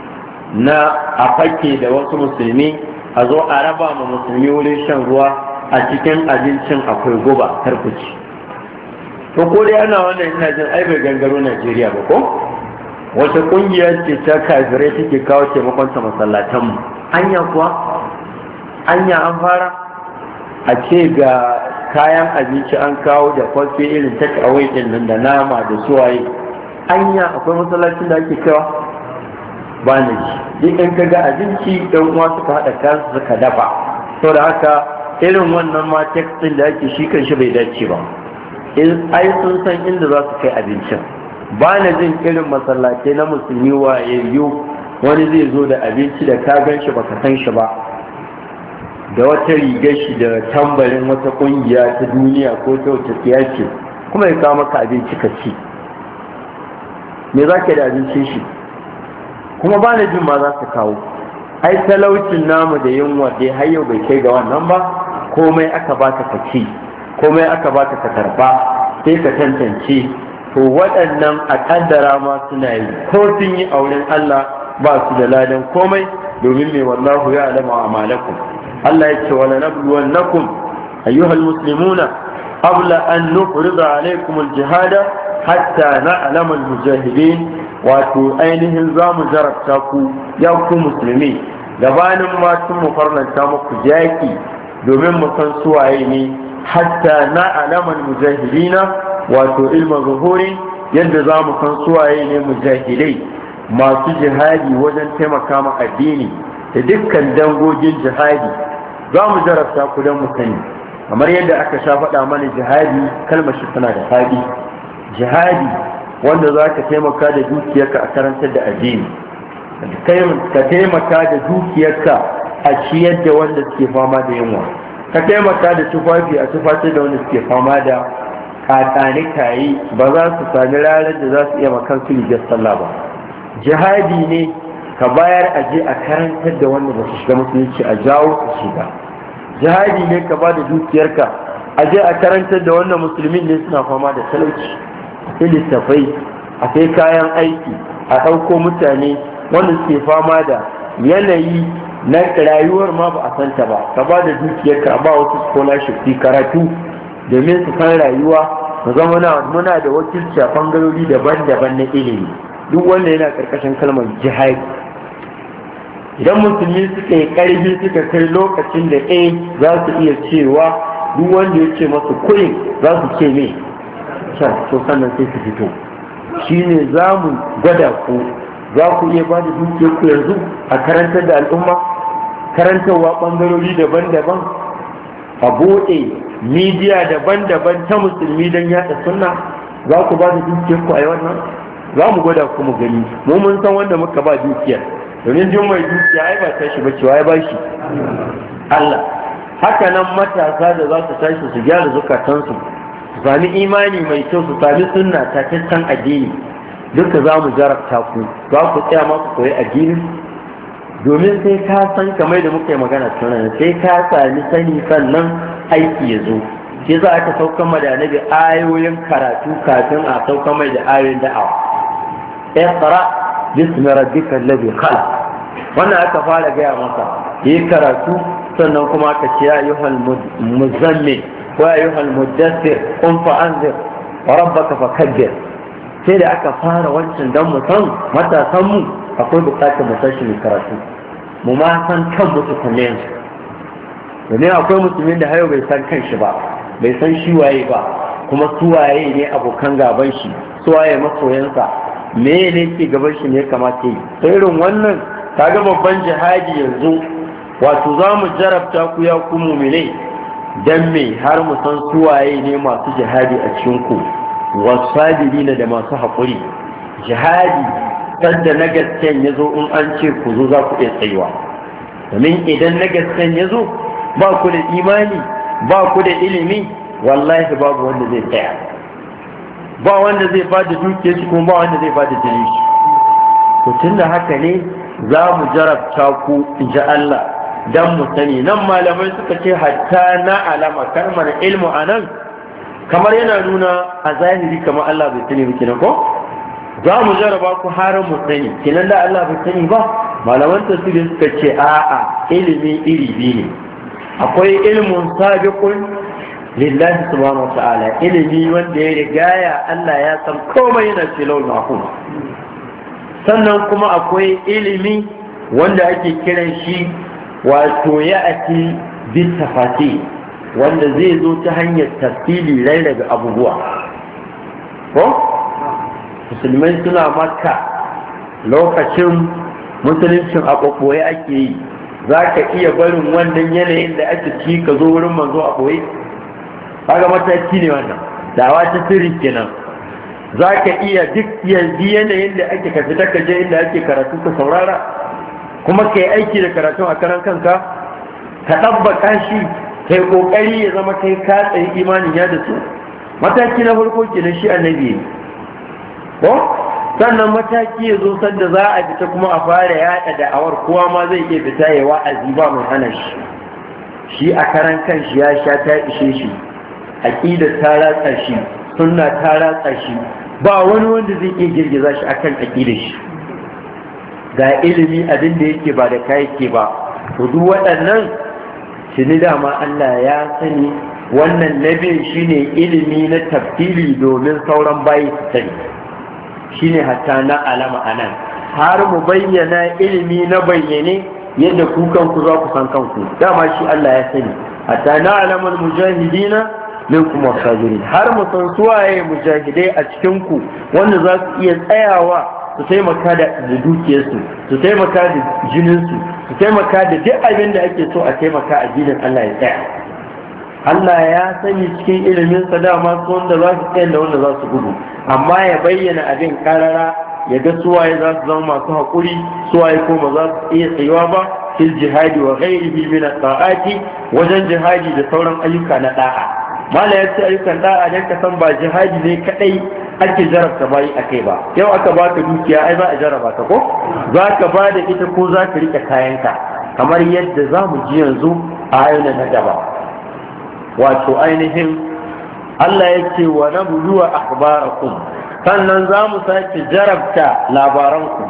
S1: na a fake da wasu musulmi a zo a raba ma musulmi wurin shan ruwa a cikin abincin akwai guba tarkuci to ko dai ana wannan ina jin ai bai gangaro Najeriya ba ko wata kungiyar ce ta kafirai take kawo taimakon ta masallatan mu anya kuwa anya an fara a ce ga kayan abinci an kawo da kwafi irin take away nan da nama da suwaye anya akwai masallacin da ake kawo? ba na ji in ka ga abinci ɗan uwa suka haɗa kansu suka dafa da haka irin wannan ma tekstin da ake shi kan shi bai dace ba in ai sun san inda za su kai abincin ba na jin irin masallaci na musulmi wa yayyo wani zai zo da abinci da ka gan shi baka san shi ba da wata rigar shi da tambarin wata kungiya ta duniya ko ta wata siyasa kuma ya kawo maka abinci ka ci me za ka da abincin shi kuma ba na jin ma za su kawo ai talaucin namu da yunwa dai har yau bai kai ga wannan ba komai aka baka ka ci komai aka ba ka karba sai ka tantance to waɗannan a kaddara ma suna yi ko sun yi auren Allah ba su da ladan komai domin mai wallahu ya alama a malakun Allah ya ce wala nabluwannakum ayyuhal muslimuna قبل أن نفرض jihada, hatta حتى نعلم المجاهدين wato ainihin za mu jarabta ku ya ku musulmi gabanin ma tun mu farlanta muku domin mu san suwaye ne hatta na alaman mujahidina wato ilma zuhuri yadda za mu san suwaye ne mujahidai masu jihadi wajen taimaka ma addini da dukkan dangogin jihadi za mu jarabta ku don mu sani kamar yadda aka sha faɗa mana jihadi kalmar shi tana da faɗi jihadi wanda za ka taimaka da dukiyarka a karantar da addini ka taimaka da dukiyarka a ciyar da wanda suke fama da yunwa ka taimaka da tufafi a tufafi da wanda suke fama da kakani kayi ba za su sami ranar da za su iya makan su rigar sallah ba jihadi ne ka bayar a je a karantar da wanda ba su shiga musulunci a jawo su shiga jihadi ne ka ba da dukiyarka a je a karantar da wannan musulmin ne suna fama da talauci filistafai a kai kayan aiki a ɗauko mutane wanda suke fama da yanayi na rayuwar ma ba a santa ba ka ba da ka ba wasu scholarship fi karatu domin su san rayuwa mu zama muna da wakilci a bangarori daban-daban na ilimi duk wanda yana karkashin kalmar jihadi idan musulmi suka yi karfi suka kai lokacin da a eh, za su iya cewa duk wanda ya ce masu kuɗi za su ce me can to sannan sai su fito Shi ne za mu gwada ku za ku iya ba da dukiyar ku yanzu a karantar da al'umma karantarwa ɓangarori daban-daban a buɗe midiya daban-daban ta musulmi don yaɗa sunna za ku ba da dukiyar ku a yi wannan za mu gwada ku mu gani mu mun san wanda muka ba dukiyar domin jin mai dukiya ai ba tashi ba cewa ai ba shi Allah haka nan matasa da za su tashi su gyara zukatansu Zami imani mai kyau su sami sunna takakken addini duka za mu jarabta ku za ku tsaya ma ku koyi addini domin sai ka san kamar da muka yi magana tunan sai ka sami sani sannan aiki ya zo shi za aka saukan ma da annabi ayoyin karatu kafin a sauka mai da ayoyin da'awa iqra bismi rabbikal ladhi khalaq wannan aka fara gaya masa yi karatu sannan kuma aka ce ya ayyuhal muzammil wa ayyuhal muddathir qum fa anzir wa sai da aka fara wancan dan mu san matasan mu akwai bukatar mu san shi karatu mu ma san kan mu tukunne domin akwai musulmin da hayo bai san kan shi ba bai san shi waye ba kuma su waye ne abokan gaban shi su waye masoyansa me ne ke gaban shi ne kamata yi ta irin wannan kaga babban jihadi yanzu wato za mu jarabta ku ya ku mumine dan me har mu san suwaye ne masu jihadi a cikin ku wasabirina da masu haƙuri jihadi sanda na gasken ya zo in an ce ku zo za ku iya tsayuwa domin idan na gasken ya zo ba ku da imani ba ku da ilimi wallahi babu wanda zai tsaya ba wanda zai ba da dukiyar shi kuma ba wanda zai ba da jini shi tun da haka ne za mu jarabta ku in ji Allah dan mu sani nan malamai suka ce hatta na alama kalmar ilmu nan, kamar yana nuna a zahiri kamar Allah bai sani ba na ko za mu jaraba ku har mu sani kinan da Allah bai sani ba malaman tafsiri suka ce a'a ilimi iri biyu ne akwai ilimin sabiqun lillahi subhanahu wa ta'ala ilimi wanda ya rigaya Allah ya san komai yana ce na mahfuz sannan kuma akwai ilimi wanda ake kiran shi wato ya ati bitafati wanda zai zo ta hanyar rai daga abubuwa ko musulmai suna maka lokacin musuluncin a ɓoɓɓoye ake yi za ka iya barin wannan yanayin da ake ci ka zo wurin manzo a ɓoye haka mataki ne wannan dawa ta sirri kenan za ka iya duk yanzu yanayin da ake kafita kaje inda ake karatu ka saurara kuma ka yi aiki da karatun a karan kanka ka ɗabbaka shi ka yi ƙoƙari ya zama kai ka tsayi imanin ya da su mataki na farko na shi annabi ne ko sannan mataki ya zo sanda za a fita kuma a fara yaɗa awar? kowa ma zai iya fita ya wa'azi ba mai hana shi shi a karan kan shi ya sha ta ishe shi aƙida ta ratsa shi sunna ta ratsa shi ba wani wanda zai iya girgiza shi akan aƙidar shi ga ilimi abin da yake ba da kai ke ba to duk waɗannan shi dama Allah ya sani wannan nabi shine ilimi na tafsiri domin sauran bayi su sani shine hatta na alama anan har mu bayyana ilimi na bayyane yadda ku kanku za ku san kanku dama shi Allah ya sani hatta na alamar mujahidina kuma sabirin har mu san suwaye mujahidai a cikin ku wanda za su iya tsayawa su taimaka da dukiyarsu su taimaka da jininsu su taimaka da duk abin da ake so a taimaka a jinin Allah ya tsaya Allah ya sani cikin ilimin sa dama su wanda za su tsaya da wanda za su gudu amma ya bayyana abin karara ya ga suwaye za su zama masu haƙuri suwaye kuma za su iya tsayuwa ba fil jihadi wa ghairihi min at-ta'ati wajen jihadi da sauran ayyuka na da'a mala ya ce ayyukan da a yanka san ba jihadi ne kadai ake jarabta bayi a kai ba yau aka ba ka dukiya ai ba a jaraba ta ko za ka ba da ita ko za ka rike kayanka kamar yadda za mu ji yanzu a ayyana na gaba wato ainihin Allah ya ce wa na buluwa akhbarakum sannan za mu sake jarabta labaranku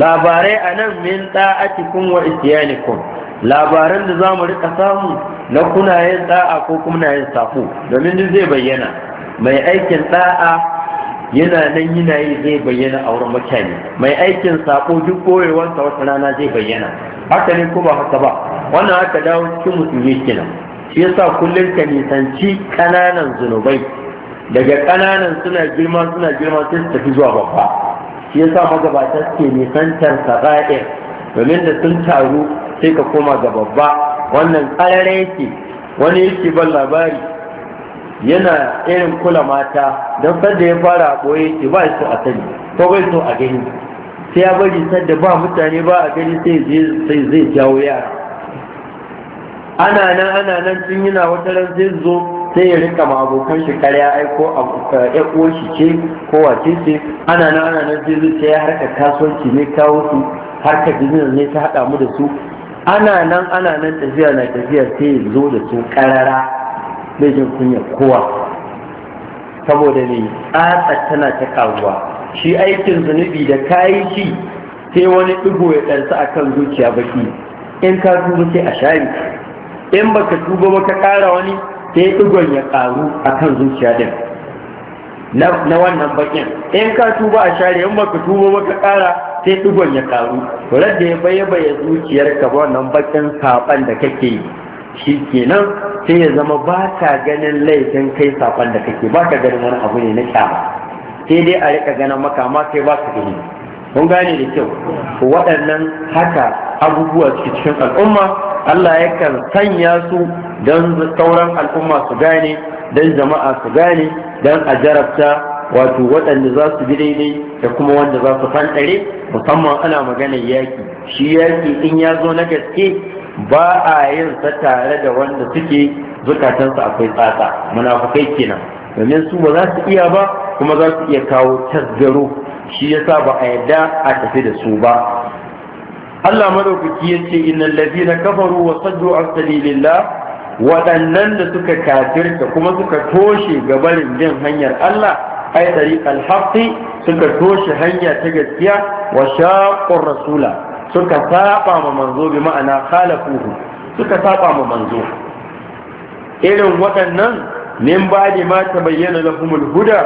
S1: labarai a nan min da'atikum wa isyanikum labaran da za mu rika samu na kuna yin da'a ko kuma yin safo domin duk zai bayyana mai aikin da'a yana nan yana yi zai bayyana a wurin mutane mai aikin safo duk koyewarsa wata rana zai bayyana haka ne ko ba haka ba wannan haka dawo cikin musulmi kenan shi yasa kullum ka nisanci kananan zunubai daga kananan suna girma suna girma sai su tafi zuwa babba shi yasa magabata suke nisantar sara'ir domin da sun taru sai ka koma ga babba wannan karare yake wani yake ban labari yana irin kula mata don sadda ya fara a ɓoye ke ba su a sani ko bai so a gani sai ya bari sadda ba mutane ba a gani sai zai jawo yara ana nan ana nan tun yana wata ran zai zo sai ya rika ma abokan shi karya aiko a ya shi ce ko wace ce ana nan ana nan sai ya harka kasuwanci ne kawo su harka jini ne ta haɗa mu da su ana nan ana nan tafiya na tafiya sai zo da su karara da jin kunya kowa saboda ne tsatsa tana ta karuwa shi aikin zunubi da kayi shi sai wani ɗigo ya ɗansa a kan zuciya baki in ka tuba sai a shari in baka duba ba ka ƙara wani sai ɗigon ya ƙaru a kan zuciya ɗin na wannan bakin in ka tuba a shari in baka tuba ba ka ƙara sai digon ya karu radda ya bayyana zuciyar ka nan bakin saban da kake yi shi kenan sai ya zama ba ka ganin laifin kai saban da kake ba ka ganin wani abu ne na kyawa sai dai a rika ganin maka amma kai ba ka gani kun gane da kyau waɗannan haka abubuwa cikin al'umma Allah yakan sanya su don sauran al'umma su gane don jama'a su gane don a jarabta wato waɗanda za su bi daidai da kuma wanda za su fanɗare musamman ana maganar yaƙi shi yaƙi in ya zo na gaske ba a yin sa tare da wanda suke zukatansa akwai tsatsa munafukai kenan domin su ba za su iya ba kuma za su iya kawo tasgaro shi yasa ba a yarda a tafi da su ba Allah madaukaki ya ce innal ladina kafaru wa saddu an sabilillah waɗannan da suka kafirta kuma suka toshe gabarin bin hanyar Allah ai tariqal haqqi suka toshe hanya ta gaskiya wa shaqqur rasula suka saba ma manzo bi ma'ana khalafuhu suka saba ma manzo irin waɗannan min ba da ma ta bayyana lahumul huda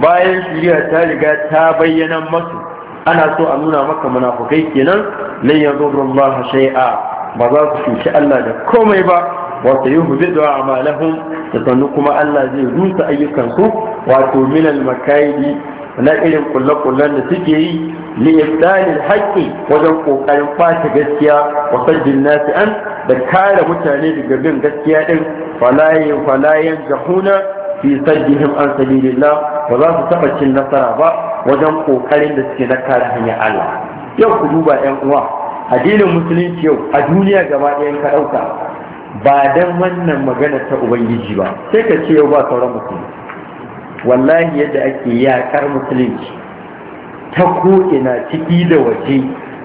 S1: bayan shari'a ta riga ta bayyana masu ana so a nuna maka munafukai kenan lan yadurru shay'a ba za su cuci Allah da komai ba wa sayuhbidu a'malahum da sannu kuma Allah zai rusa ayyukansu wato min al-makaidi na irin kullakullan da suke yi li ibdalil haqqi wajen kokarin fata gaskiya wa sajjin nasi an da kare mutane daga bin gaskiya din falayin falayin jahuna fi sajjihim an sabilillah ba za su taba cin nasara ba wajen kokarin da suke na kare hanyar Allah yau ku duba yan uwa addinin musulunci yau a duniya gaba ɗaya ka ɗauka ba dan wannan magana ta ubangiji ba sai ka ce yau ba sauran musulmi wallahi yadda ake yakar musulunci ta ko'ina ciki da waje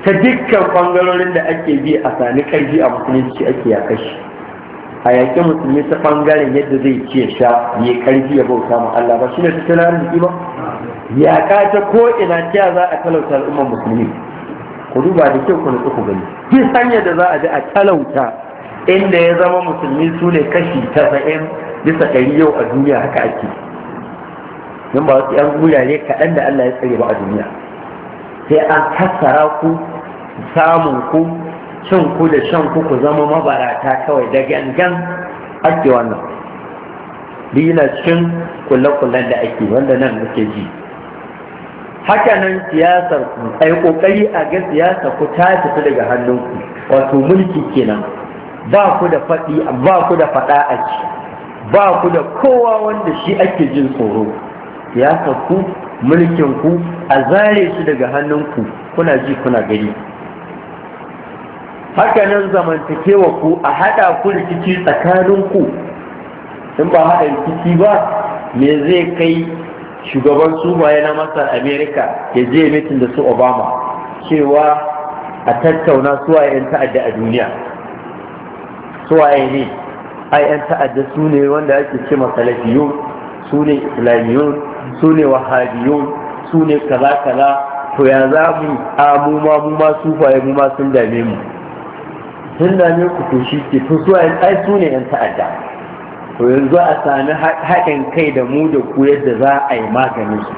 S1: ta dukkan bangarorin da ake bi a sami ƙarfi a musulunci ake yakar shi a yaƙi musulmi ta bangaren yadda zai ce sha ya ƙarfi ya bauta ma Allah ba shine tattalin arziki ba yaƙa ta ko'ina ta za a talauta al'ummar musulmi ku duba da kyau ku nutsu ku gani duk hanyar da za a bi a talauta inda ya zama musulmi su ne kashi tasa'in bisa ɗari yau a duniya haka ake don ba wasu 'yan ne kaɗan da Allah ya tsare ba a duniya sai an tattara ku samun ku cin ku da shan ku ku zama mabarata kawai da gangan ake wannan Dina cikin kulle-kullen da ake wanda nan muke ji haka nan siyasar ku ai kokari a ga siyasa ku ta tafi daga hannunku wato mulki kenan ba ku da faɗi ba ku da faɗa a ci ba ku da kowa wanda shi ake jin tsoro ya ku mulkin ku a zare shi daga hannun ku kuna ji kuna gari. haka nan zamantakewa ku a haɗa ku rikici tsakaninku in ba haɗa rikici ba me zai kai shugaban sumaye na masar amerika ya je mitin da su obama cewa a tattauna suwa 'yan ta'adda a duniya waye ne ai yan ta'adda su ne wanda ake ce masalafiyun su ne islamiyun su ne wahabiyun su ne kaza kaza to ya za mu a mu ma mu ma sufaye mu ma sun dame mu sun dame ku to shi ke to suwaye ai su ne yan ta'adda to yanzu a sami haɗin kai da mu da ku yadda za a yi maganin su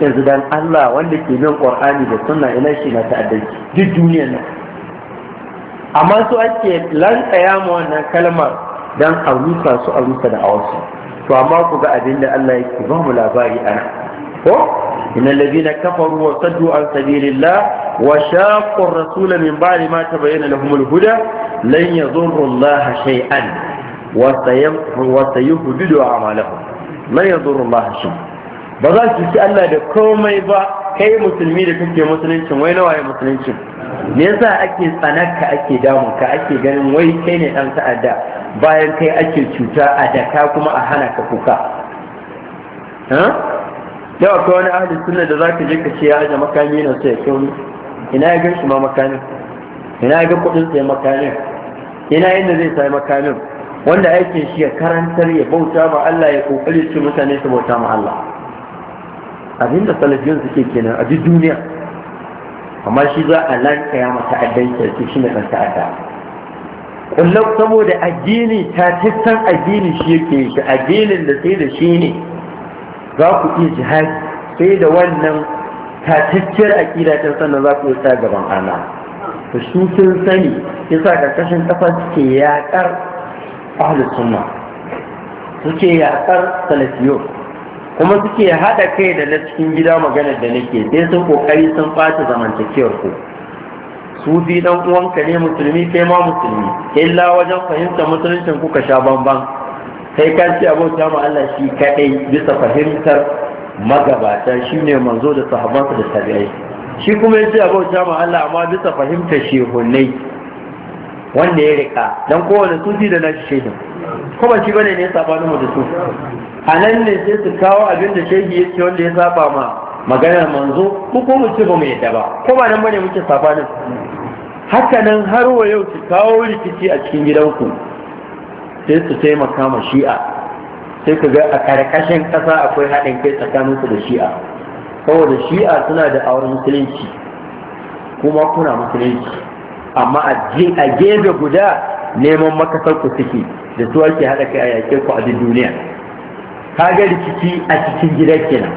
S1: yanzu dan Allah wanda ke bin Qur'ani da sunna ina shi na ta'addanci duk duniyar nan amma su ake lantsaya ma wannan kalmar don a rusa su a rusa da awarsu to amma ku ga abin da Allah yake ba mu labari ana ko innal ladina kafaru wa saddu an sabilillah wa shaqqu ar-rasula min ba'di ma tabayyana lahum al-huda lan yadhurru Allah shay'an wa sayuhdidu a'malahum lan yadhurru Allah shay'an ba za su ci Allah da komai ba kai musulmi da kake musuluncin wai nawa ya musuluncin me yasa ake tsanaka ake damun ka ake ganin wai kai ne dan ta'adda bayan kai ake cuta a daka kuma a hana ka kuka yau akwai wani ahli sunna da zaka je ka ce ya ga makami na sai ina ya shi ma makamin ina ga kudin sai makamin ina yadda zai sai makamin wanda aikin shi ya karantar ya bauta ma Allah ya kokari su mutane su bauta ma Allah abinda salafiyan suke kenan a duk duniya amma shi za a lankaya mata addanci da shi ne ɗan ta'adda kullum saboda addini tatistan addini shi yake shi addinin da sai da shi ne za ku iya jihadi sai da wannan tatacciyar aƙida ta sannan za ku iya sa gaban ana to su sun sani yasa karkashin kafa suke yaƙar ahlus sunna suke yaƙar salafiyon kuma suke haɗa kai da na cikin gida magana da nake sai sun kokari sun ɓata zamantakewar ku su bi dan uwanka ne musulmi kai ma musulmi illa wajen fahimta musuluncin kuka sha bamban sai ka ce abota ma Allah shi kadai bisa fahimtar magabata shine manzo da sahabbansa da tabi'ai shi kuma ya ce abota ma Allah amma bisa fahimtar shehunai wanda ya rika don kowane tuti da nashi shehin kuma shi bane ne saba mu da su a nan ne sai su kawo abin da shehi ya ce wanda ya saba ma maganar manzo ko ko mu ce ba mai yadda ba ko ba nan bane muke sabanin haka nan har wa yau su kawo rikici a cikin gidanku sai su taimaka ma shi'a sai ku ga a karkashin kasa akwai haɗin kai su da shi'a saboda shi'a suna da auren musulunci kuma kuna musulunci amma a gefe guda neman makasar ku suke da su ake haɗa kai a yake ku a duniya ka ga rikici a cikin gida kenan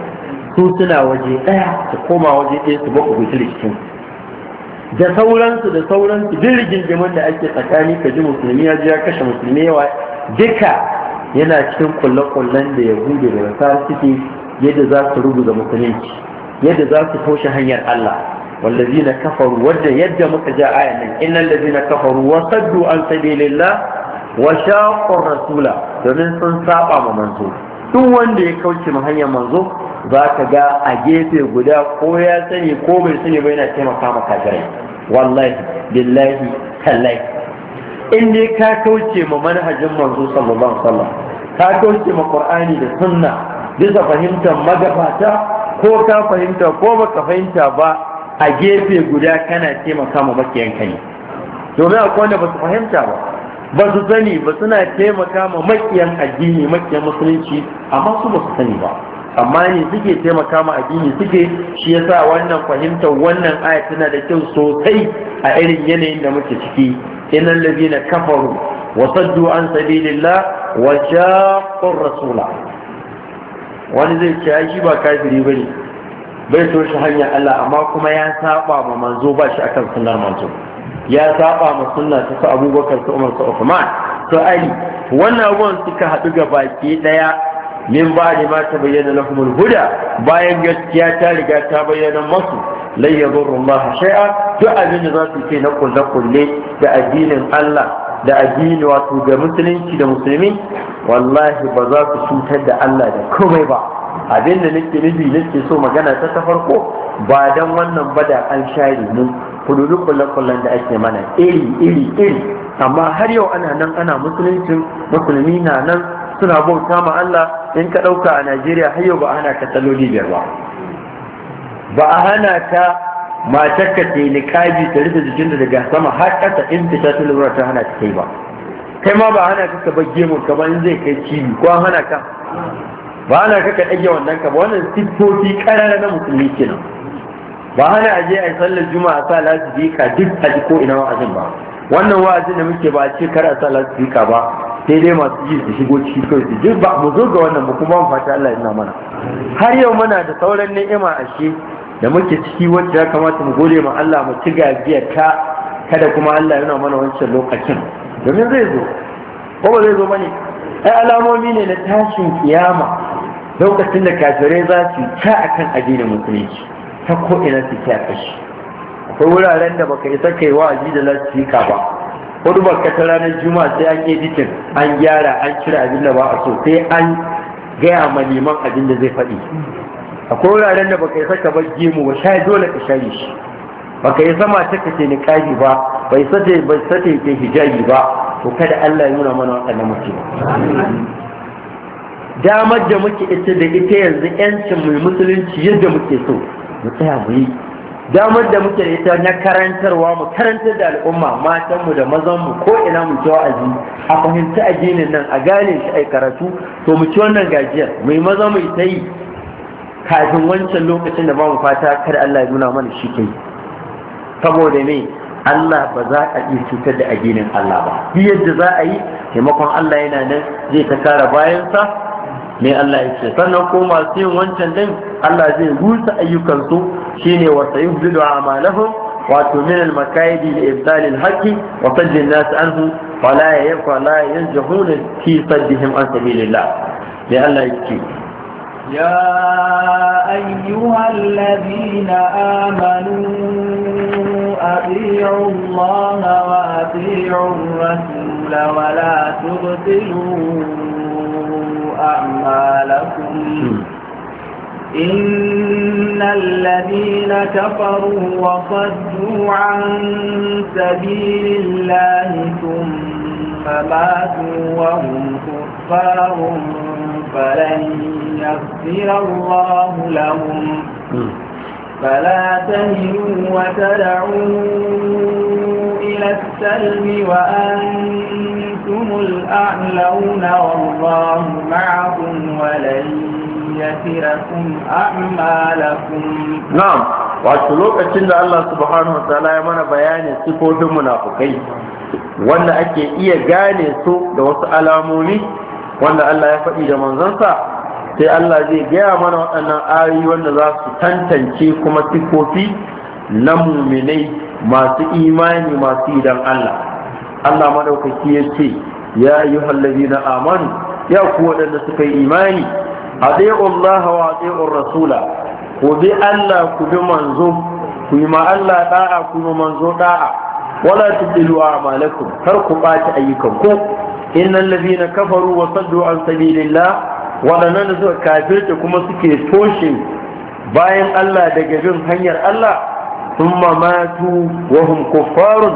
S1: su suna waje ɗaya su koma waje ɗaya su ba ku guji rikicin da sauransu da sauransu duk rigingimin da ake tsakani ka ji musulmi ya ji ya kashe musulmi yawa duka yana cikin kulle-kullen da ya gudu da rasa suke yadda za su rubuta musulunci yadda za su toshe hanyar Allah والذين كفروا ود يد مكجا آية إن الذين كفروا saddu عن سبيل wa وشاقوا rasula. domin sun saba ma manzo duk wanda ya kauce ma hanyar manzo za ka ga a gefe guda ko ya sani ko bai sani ba yana taimaka ma kafirai wallahi billahi tallahi in dai ka kauce ma manhajin manzo sallallahu alaihi wasallam ka kauce ma qur'ani da sunna bisa fahimtar magabata ko ka fahimta ko baka fahimta ba a gefe guda kana taimaka ma makiyanka ne domin akwai wanda ba su fahimta ba ba su sani ba suna taimaka ma makiyan addini makiyan musulunci amma su ba su sani ba amma ne suke taimaka ma addini suke shi yasa wannan fahimtar wannan aya tana da kyau sosai a irin yanayin da muke ciki innal na kafaru wa saddu an sabilillah wa shaqqur rasula wani zai ce shi ba kafiri bane bai toshe hanyar Allah amma kuma ya saba ma manzo ba shi akan sunnar manzo ya saba ma sunna ta su abubakar su umar su Uthman su Ali wannan abubuwan suka haɗu ga baki ɗaya min ba ne ma ta bayyana lahumul huda bayan gaskiya ta riga ta bayyana masu lai yadurru Allah shay'a duk abin da za su ce na kulle kulle da addinin Allah da addini wato ga musulunci da musulmi wallahi ba za su cutar da Allah da komai ba abin da nake nufi nake so magana ta ta farko ba dan wannan ba da an share mu kudurin kullakullan da ake mana iri iri iri amma har yau ana nan ana musuluncin musulmi na nan suna bauta ma Allah in ka ɗauka a Najeriya har yau ba a hana ka saloli biyar ba ba a hana ta ka ta yi kaji ta rufe jikin da daga sama har ƙasa in ta ta lura ta hana ta kai ba kai ma ba hana ka ka bar gemun ka in zai kai cibi ko an hana ka ba na kaka ɗage wannan ka ba wannan siffofi ƙarara na musulmi kenan ba hana aje a sallar juma'a sa lasifika duk a ji ko ina wa'azin ba wannan wa'azin da muke ba a ce kar a sa lasifika ba sai dai masu yi su shigo ciki kawai su duk ba mu zo ga wannan ba kuma mu fata Allah yana mana har yau muna da sauran ni'ima ashe da muke ciki wacce ya kamata mu gode ma Allah mu ci gajiya ta kada kuma Allah yana mana wancan lokacin domin zai zo ko ba zai zo bane ai alamomi ne na tashin kiyama lokacin da kafirai za su ta akan addinin musulunci ta ko ina su ta kashi akwai wuraren da baka isa kai aji da ka ba hudu baka ta ranar Juma sai an yi bikin an gyara an cire abin da ba a so sai an gaya ma neman abin da zai faɗi akwai wuraren da baka isa ka bar gemu ba sha dole ka share shi baka yi sama ta kace kaji ba bai sace bai sace ke hijabi ba to kada Allah ya nuna mana wannan mutum damar da muke ita da ita yanzu yancin mai musulunci yadda muke so mu tsaya mu yi damar da muke da ita na karantarwa mu karantar da al'umma matanmu da mazanmu ko ina mu ci wa'azi a fahimci addinin nan a gane shi a karatu to mu ci wannan gajiyar mai maza mu ta yi kafin wancan lokacin da ba mu fata kada Allah ya nuna mana shi kai saboda me Allah ba za a iya cutar da addinin Allah ba duk yadda za a yi taimakon Allah yana nan zai ta kara bayansa ne Allah ya ce sannan ko masu yin wancan din Allah zai rusa ayyukansu shine wa sayubdilu amalahum wato min al-makayidi li ibdal al-haqq wa sadd an-nas anhu wa la yaqwa la yanjahuna fi saddihim an sabilillah ne Allah ya ce
S2: يا أيها الذين آمنوا أطيعوا الله وأطيعوا الرسول ولا تبطلوا أعمالكم إن الذين كفروا وصدوا عن سبيل الله ثم ماتوا وهم كفار فلن يغفر الله لهم فلا تهنوا وتدعوا إلى السلم وأنتم الأعلون والله معكم ولن يتركم أعمالكم نعم
S1: wato lokacin da Allah subhanahu wa ta'ala ya mana bayanin sifofin munafukai wanda ake iya gane su da wasu alamomi wanda Allah ya faɗi da manzansa sai Allah zai gaya mana waɗannan ayoyi wanda za su tantance kuma sifofi na muminai masu imani masu idan Allah Allah madaukaki ya ce ya yi hallabi na amanu ya ku waɗanda suka yi imani a Allah wa ɗai'un rasula ku bi Allah ku bi manzo ku yi ma Allah ɗa'a ku yi manzo ɗa'a wala tudilu a'malakum kar ku ɓaci ayyukanku innal na kafaru wa saddu an sabilillah waɗannan da suka kafirce kuma suke toshe bayan Allah daga bin hanyar Allah sun mamatu wahum kuffarun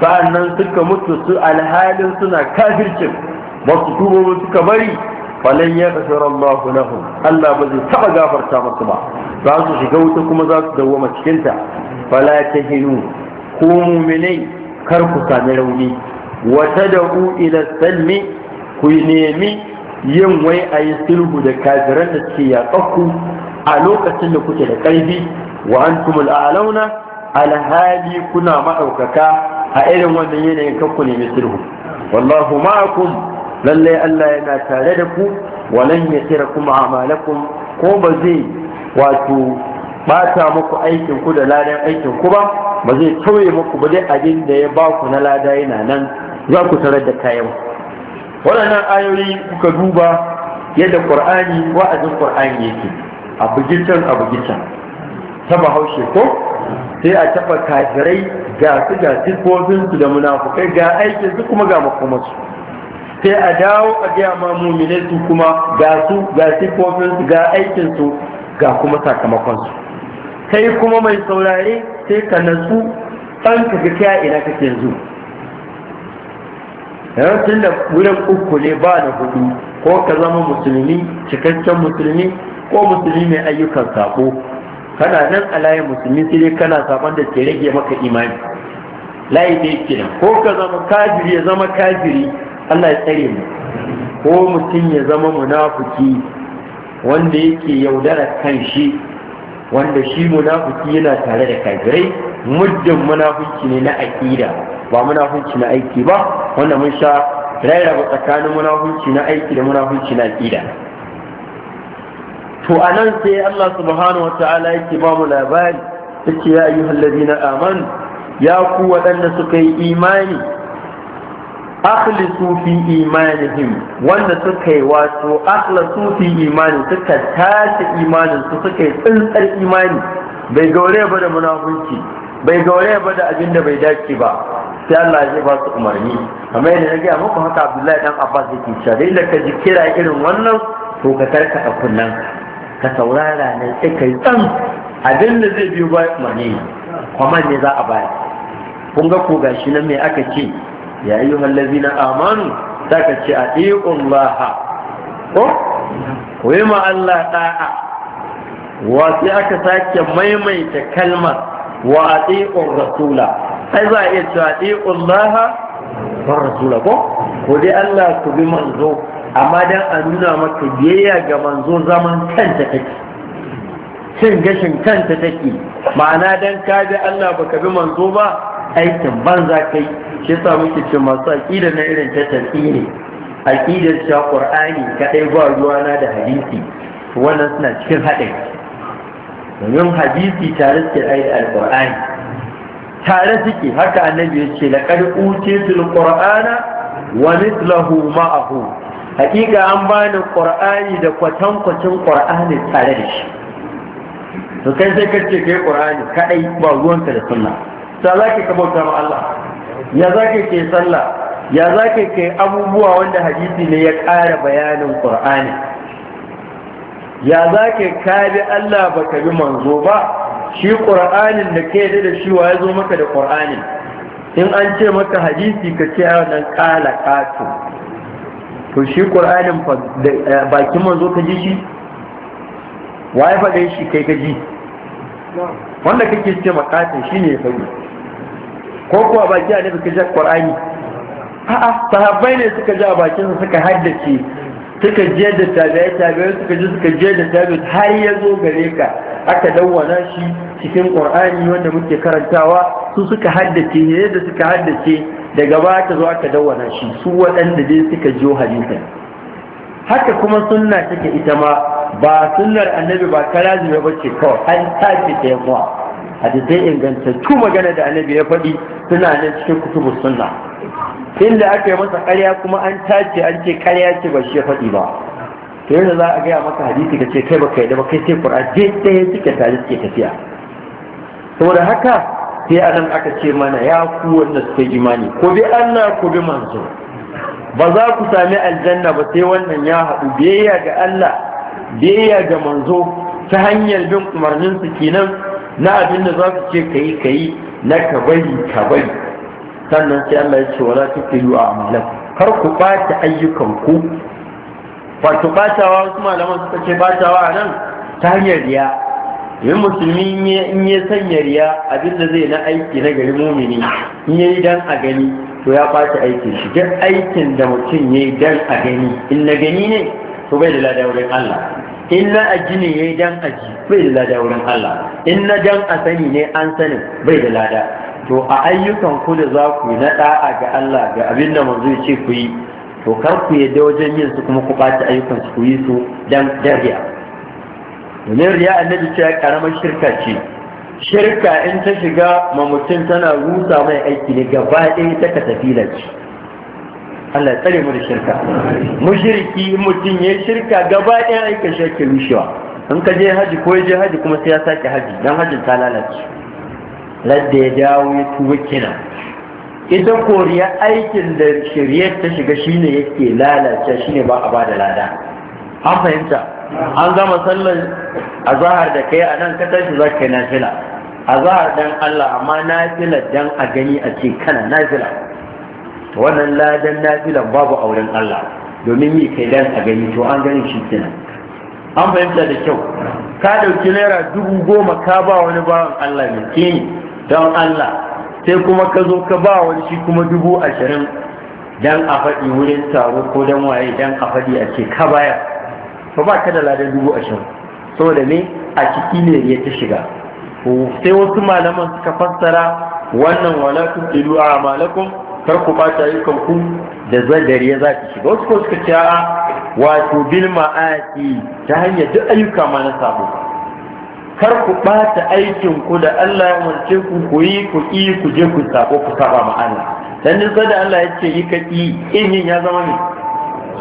S1: sa'annan suka mutu su alhalin suna kafircin ba su tubo ba suka bari falan ya kasar Allah lahum Allah ba zai taɓa gafarta masu ba za su shiga wuta kuma za su dawoma cikinta fala tahinu ku muminai kar ku sami rauni wata da'u ila salmi ku nemi yin wai a yi sulhu da kafiran da suke yaƙakku a lokacin da kuke da ƙarfi wa an tumul alauna alhali kuna ma'aukaka? a irin wannan yanayin kakku ne mai sulhu wallahu ma'akum lallai Allah yana tare da ku walan ya tsira kuma amalakum ko ba zai wato bata muku aikin ku da ladan aikin ku ba ba zai tauye muku ba dai abin da ya ba ku na lada yana nan za ku tarar da kayan ku waɗannan ayoyi kuka duba yadda ƙur'ani wa'azin ƙur'ani yake a bugitan a bugitan ta bahaushe ko sai a taɓa kafirai ga su ga su da munafukai ga aikin su kuma ga makomarsu sai a dawo a gaya ma mumine su kuma ga su ga su ga aikinsu ga kuma sakamakonsu kai kuma mai saurare sai ka natsu ɗan ka ga ina kake yanzu Eh, tun da wurin uku ne ba da hudu ko ka zama musulmi cikakken musulmi ko musulmi mai ayyukan sako kana nan a layin musulmi sai dai kana sabon da ke rage maka imani layi yake nan ko ka zama kafiri ya zama kafiri Allah ya tsare mu ko mutum ya zama munafuki wanda yake yaudara kan shi wanda shi munafuki yana tare da kafirai muddin munafuki ne na aƙida ba munafunci na aiki ba wannan mun sha rairaba tsakanin munafunci na aiki da munafunci na aƙida to anan sai Allah subhanahu wata'ala yake ba mu labari yace ya ayyuhal na aman, ya ku waɗanda suka yi imani akhlisu fi imanihim wanda suka yi wato akhlasu fi imani suka tace imanin su suka yi tsintsar imani bai gaure ba da munafunci bai gaure ba da abin da bai dace ba sai Allah zai ba su umarni amma yadda na gaya muku haka Abdullahi dan Abbas yake cewa dai da ka ji kira irin wannan to ka tarka a kunnan ka saurara ne sai kai tsan abin da zai biyo ba umarni kuma ne za a bayar kun ga ko gashi nan me aka ce ya ayyuhal ladzina amanu ka ce a laha ko ko yi ma Allah da'a wa sai aka sake maimaita kalmar wa a rasula ai za a iya cewa ɗi'ullaha wa rasula ko ko dai Allah ku bi manzo amma dan a nuna maka biyayya ga manzo zaman kanta take cin gashin kanta take ma'ana dan ka bi Allah baka bi manzo ba aikin banza kai shi sa muke ce masu aƙida na irin ta ne aƙidar cewa ƙur'ani kaɗai ba na da hadisi wannan suna cikin haɗin domin hadisi tare da alƙur'ani tare suke haka annabi ya ce laqad utitul qur'ana wa mithluhu ma'ahu hakika an bani qur'ani da kwatankwacin qur'ani tare da shi to kai sai kace kai qur'ani kadai ba ruwanka da sunna sa zaka ka bauta ma Allah ya zaka ke sallah ya zaka ke abubuwa wanda hadisi ne ya ƙara bayanin qur'ani ya zaka ka bi Allah baka bi manzo ba shi ƙur'anin da ke da da shi wa ya zo maka da ƙur'anin in an ce maka hadisi ka ce a wannan ƙala ƙato to shi ƙur'anin eh, bakin manzo ka ji shi wa ya faɗe shi kai ka ji wanda kake ce makatin shi ne ya faɗi ko kuwa baki a nufi ka ji ƙur'ani a'a sahabbai ne suka ji a bakinsa suka haddace suka je da tabi'ai tabi'ai suka je suka je da tabi'ai har ya zo gare ka aka dawwana shi cikin qur'ani wanda muke karantawa su suka haddace ne da suka haddace daga baya ta zo aka dawwana shi su waɗanda dai suka jo hadisi haka kuma sunna take ita ma ba sunnar annabi ba kalazime ba ce kawai an tafi ta yawa hadisai ingantattu magana da annabi ya faɗi suna nan cikin kutubu sunna inda aka yi masa karya kuma an tace an ce karya ce ba shi ya faɗi ba to yadda za a gaya maka hadisi ka ce kai ba kai da ba kai sai ƙura je suke tare suke tafiya saboda haka sai anan aka ce mana ya ku wanda suka imani ko bi Allah ko bi manzo ba za ku sami aljanna ba sai wannan ya haɗu biyayya ga Allah biyayya ga manzo ta hanyar bin umarninsu kenan na abin da za ku ce ka yi na ka bari ka bari sannan sai Allah ya ce wala a amalan. kar ku bata ayyukanku bata batawa wasu malaman suka ce batawa nan ta hanyar riya yin musulmi in ya sanya riya abinda zai na aiki na gari mumini in yayi dan a gani to ya bata aikin shi duk aikin da mutum yayi dan a gani in na gani ne to bai da ladan wurin Allah in na aji ne yayi dan aji bai da ladan wurin Allah in na dan a sani ne an sani bai da lada to a ayyukan ku da za ku yi na da'a ga Allah ga abin da manzo yake ce ku yi to kar ku yadda wajen yin su kuma ku ɓata ayyukan su ku yi su dan dariya domin riya annabi ce karama shirka ce shirka in ta shiga ma mutum tana rusa mai aiki ne gaba ɗaya ta ka tafi ce Allah tsare mu da shirka mushriki mutum ya shirka gaba ɗaya shi shirka rushewa in ka je haji ko ya je haji kuma sai ya sake haji dan hajin ta lalace ladda ya dawo ya tuba kina ita koriya aikin da shiryar ta shiga shine yake lalace shine ba a ba da lada an fahimta an gama sallar a zahar da kai a nan ka tashi za ka yi nafila zahar dan Allah amma nafila dan a gani a ce kana nafila wannan ladan nafilan babu auren Allah domin yi kai dan a gani to an gani shi kenan an fahimta da kyau ka ɗauki naira dubu goma ka ba wani bawan Allah mai kini don Allah sai kuma ka zo ka ba wani shi kuma dubu ashirin don a faɗi wurin taro ko don waye don a faɗi a ce ka baya ba ba ka da ladan dubu ashirin saboda me a ciki ne ya ta shiga sai wasu malaman suka fassara wannan wala a malakun kar ku bata ayyukan ku da zadari ya ki shiga wasu ko suka ce a wato bil ma'asi ta hanyar duk ayyuka ma na sabo kar ku ɓata aikin ku da Allah ya umarce ku ku yi ku yi ku je ku sako ku saba ma Allah dan duk da Allah ya ce yi ka yi in yin ya zama ne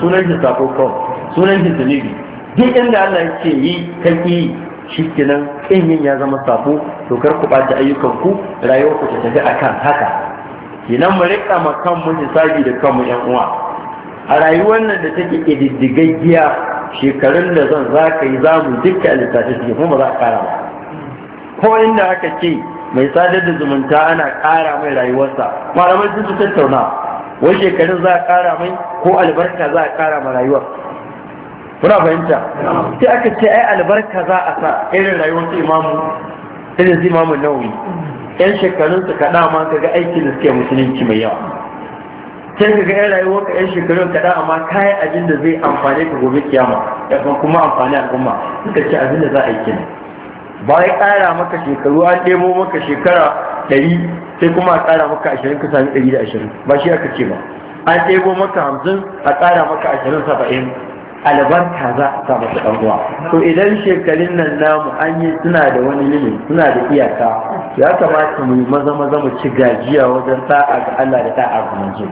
S1: sunan shi sako ko sunan shi zunubi duk inda Allah ya ce yi ka yi shi kenan in yin ya zama sako to kar ku ɓata ayyukan ku rayuwar ku ta tafi akan haka kenan mu riƙa ma kanmu hisabi da kanmu yan uwa a rayuwar nan da take ƙididdigaggiya shekarun da zan za ka yi za mu duka littafi suke kuma za a kara ba ko inda aka ce mai sadar da zumunta ana kara mai rayuwarsa malamai sun tattauna wai shekarun za a kara mai ko albarka za a kara ma rayuwar kuna fahimta sai aka ce ai albarka za a sa irin rayuwar su imamu irin su imamu nawawi yan shekarun su kaɗa ma ka ga aikin da suke musulunci mai yawa sai ka ga yan rayuwar ka yan shekarun kaɗan amma kayan abin da zai amfani ka gobe kiyama ya kuma amfani al'umma suka ce abin da za a yi kenan bayan ƙara maka shekaru an ɗebo maka shekara ɗari sai kuma a ƙara maka ashirin ka sami ɗari da ashirin ba shi aka ce ba an ɗebo maka hamsin a ƙara maka ashirin saba'in albarka za a sa masa ɗan uwa to idan shekarun nan namu an yi suna da wani yini suna da iyaka ya kamata mu yi maza maza mu ci gajiya wajen sa'a ga Allah da ta'a ga manzo